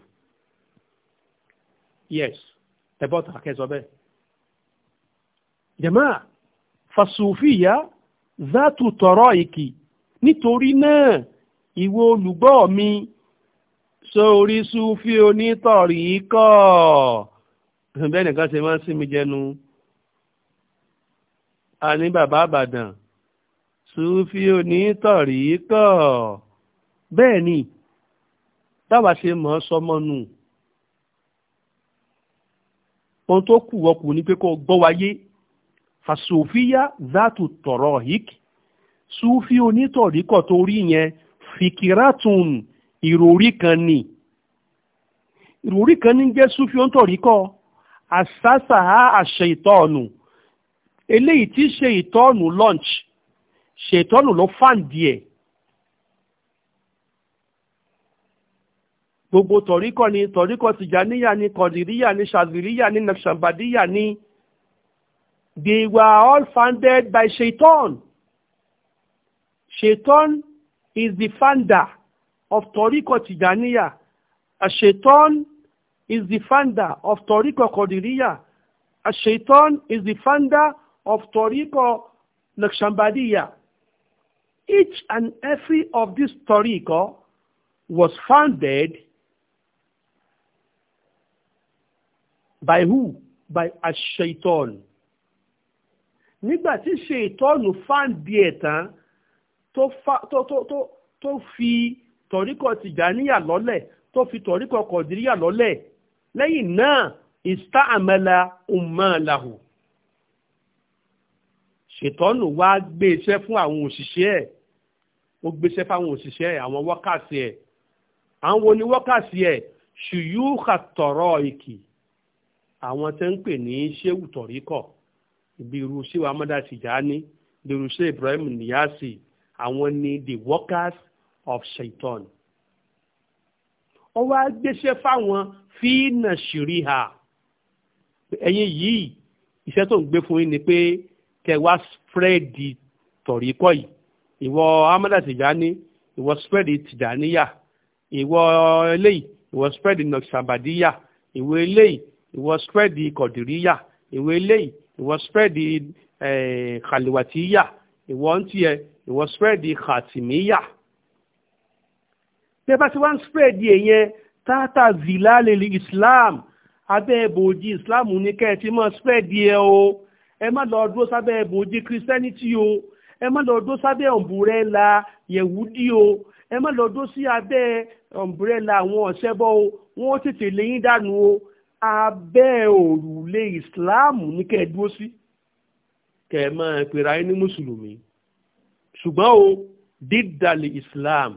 yes fasufiya zatu ìkì nítorí náà olùgbọ́ mi sufi onítọ̀rí kọ́ bẹ́ẹ̀ nìkan ṣe máa ń sinmi jẹnu a ní bàbá àbàdàn sùfí onítọ̀rí kọ̀ bẹ́ẹ̀ ni táwa ṣe mọ̀ ọ́ sọmọ́nù ohun tó kù ọkù ní pé kó gbọ́ wáyé fàṣòfíyà zátù tọ̀rọ̀ hik sùfí onítọ̀rí kọ̀ tó rí yẹn fìkìrátùn ìròrí kan ni ìròrí kan ní jẹ́ sùfí onítọ̀rí kọ̀ àsásàá àṣẹ ìtọ́ọ̀nù eléyìí tí ṣe ìtọ́ọ̀nù launch ṣe ìtọ́ọ̀nù ló fàǹdì ẹ̀ gbogbo tọ̀ríkọ̀ ni tọ̀ríkọ̀ tìjàníyà ni kọ̀dìríyà ni ṣàzìríyà ni nàṣàbàdíyà ni they were all founded by shaitan shaitan is the founder of tọ̀ríkọ̀ tìjàníyà a shaitan is the founder of Toriko Kodiriya. Shaitan is the founder of Toriko Naqshbandiyya. Each and every of this Toriko was founded by who? By Shaitan. Nígbà tí Shaitan fáǹdì ẹ̀ tán tó fi tọ̀ríkọ̀ Tìjàníyà lọ́lẹ̀ tó fi tọ̀ríkọ̀ Kọ̀dìríyà lọ́lẹ̀ lẹ́yìn náà ìstáàmẹ́lá ọmọọ̀làhù ṣètọ́nù wá gbé iṣẹ́ fún àwọn òṣìṣẹ́ ẹ̀ ó gbéṣẹ́ fáwọn òṣìṣẹ́ ẹ̀ àwọn wọ́kàsí ẹ̀ àwọn oní wọ́kàsí ẹ̀ ṣùyúkà tọ̀rọ̀ ìkì àwọn tẹ́ ń pè ní ṣéwù tọ̀ríkọ̀ ibi irú ṣéwù amọ́dá tìjáni lórí Ibrahim Niyasi àwọn ni the workers of shaitan ó wá gbéṣẹ́ fáwọn fíìnà ṣìrí ha ẹ̀yin yìí iṣẹ́ tó ń gbé fún yín ni pé kẹwàá spreadi tọ̀ríkọ́ yìí ìwọ amada tìjání ìwọ spreadi tìjáníyà ìwọ eléyìí ìwọ spreadi nọ̀ṣàbàdíyà ìwọ eléyìí ìwọ spreadi kọ̀dìríyà ìwọ eléyìí ìwọ spreadi eh, kàlíwàtíyà ìwọ ń ìwọ spreadi kàtìmíyà tẹ́ bá ti wá ń spread èèyàn tata zilalele islam abẹ́ ìbòjì islam ní kẹ́ mọ́ spread ẹ o ẹ má lọ dúró sábẹ́ ìbòjì christianity o ẹ má lọ dúró sábẹ́ ọ̀mbrẹ́là yẹ̀wúdí o ẹ má lọ dúró sí abẹ́ ọ̀mbrẹ́là àwọn ọ̀ṣẹ́bọ o wọ́n tètè lẹ́yìn dànù o abẹ́ òrùlé islam ní kẹ́ ẹ dúró sí kẹ́ ẹ máa pera ẹni mùsùlùmí ṣùgbọ́n o dídàlẹ̀ islam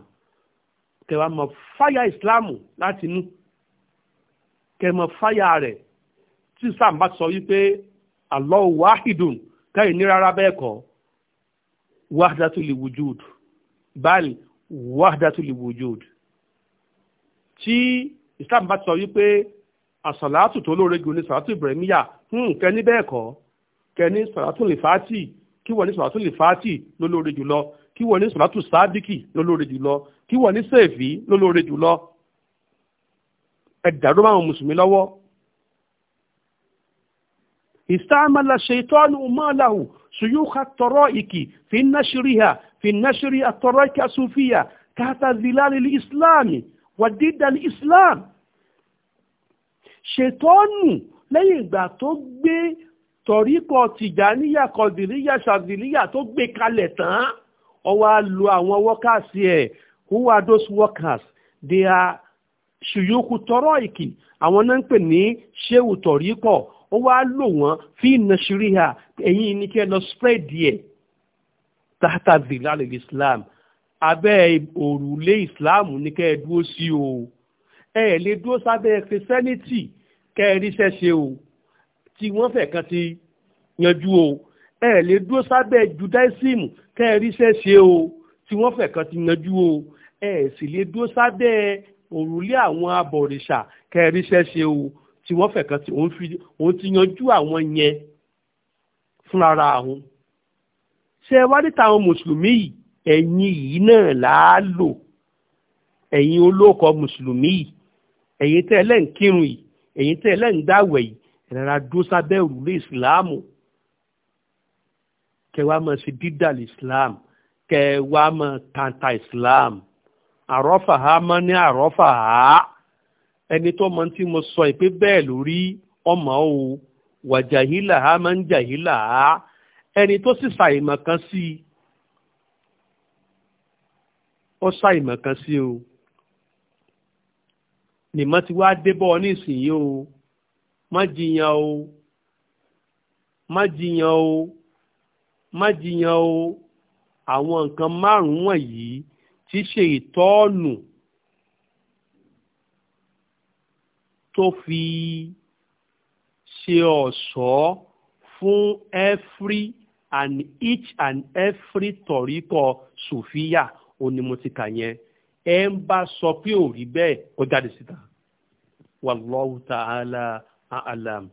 kẹwàá mọ fáyà ìsìláàmù láti inú kẹmọ fáyà rẹ̀ tí sam bá sọ wípé Allahu wahidun káyìn ní rárá bẹ́ẹ̀ kọ́ wahdatul wujud bal wahdatul wujud tí islam bá sọ wípé àsàlátù tó lóore jù hmm, ní sàlátù ibrahimiya kẹni bẹ́ẹ̀ kọ́ kẹni sàlátù lifati kí wọ́n ní sàlátù lifati ló lóore jùlọ kí wọ́n ní sàlátù sadiki ló jùlọ kí wọ́n ní sèfì lólóore jùlọ ẹ̀dàrú àwọn mùsùlùmí lọ́wọ́ ìsáàmàlà ṣètọ́nù mọ́láhù ṣùyúkà tọrọ ìkì fi náṣíríhà fi náṣírí àtọrọ ìkì àṣùfíà tààtà zìlálìlì ìsìláàmì wà dídàlì ìsìláàmì ṣètọ́nù lẹ́yìn ìgbà tó gbé tọ̀ríkọ̀ tìjàníyà kọ̀dìríyà ṣàdìríyà tó gbé kalẹ̀ tán ó wá lu àwọn wọ́kàsí ẹ̀ who are those workers they are ṣùyókù tọrọ ìkì àwọn náà ń pè ní ṣéwù tọ̀ríkọ̀ ó wá lò wọ́n fi iná ṣírí ha ẹ̀yìn ní kí ẹ lọ spread díẹ̀ tata zilal islam abẹ́ òrùlé islam ní kẹ́ ẹ dúró sí o ẹ lè dúró sábẹ́ christianity kẹ́ ẹ ríṣẹ́ ṣe o tí wọ́n fẹ́ kan ti yanjú o ẹ lè dúró sábẹ́ judaism kẹ́ ẹ ríṣẹ́ ṣe o tí wọ́n fẹ́ kan ti yanjú o ẹ sì lè dúró sábẹ́ òrùlé àwọn abọ̀rìṣà kẹrìṣẹ́ ṣe o tí wọ́n fẹ́ kan tí òun ti yanjú àwọn yẹn fúnra àwọn. ṣé ẹ wá dé táwọn mùsùlùmí yìí ẹ̀yin yìí náà làá lò ẹ̀yin olóòkọ mùsùlùmí yìí ẹ̀yin tẹ́ ẹ lẹ́ ń kírun yìí ẹ̀yin tẹ́ ẹ lẹ́ ń dáwẹ̀ yìí ìrara dúró sábẹ́ òrùlé ìsìláàmù kẹwàá máa ṣe dídàlì ìsìláàmù kẹ wá kanta islam islam ha mọ́ ní ha ẹni tó mọ tí mo sọ ìpé bẹ́ẹ̀ lórí ọmọ o wàjàhílà ha mọ́ ń jàhílà ha ẹni tó sì ṣàìmọ̀ kan sí i ó ṣàìmọ̀ kan sí o nìmọ̀ tí wàá débọ̀ nísìnyí o má jiyàn o má jiyàn o má jiyàn o. àwọn nǹkan márùn-ún wọ̀nyí tí ṣe ìtọ́ọ̀nù tó fi ṣe ọ̀ṣọ́ fún every and each and every tọ̀ríkọ̀ sùfíà onímọ̀tìkà yẹn ẹ ń bá sọ pé ò rí bẹ́ẹ̀ kó jáde síta wallahu ta'ala a'lam.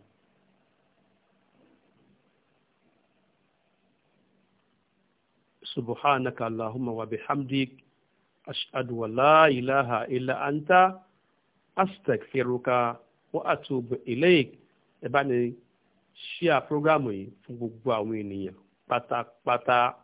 subhanaka allahumma wa bihamdik ashhadu an la ilaha illa anta astaghfiruka wa atubu ilayk ẹ bá ní ṣíà prógámù yìí fún gbogbo àwọn ènìyàn pátápátá.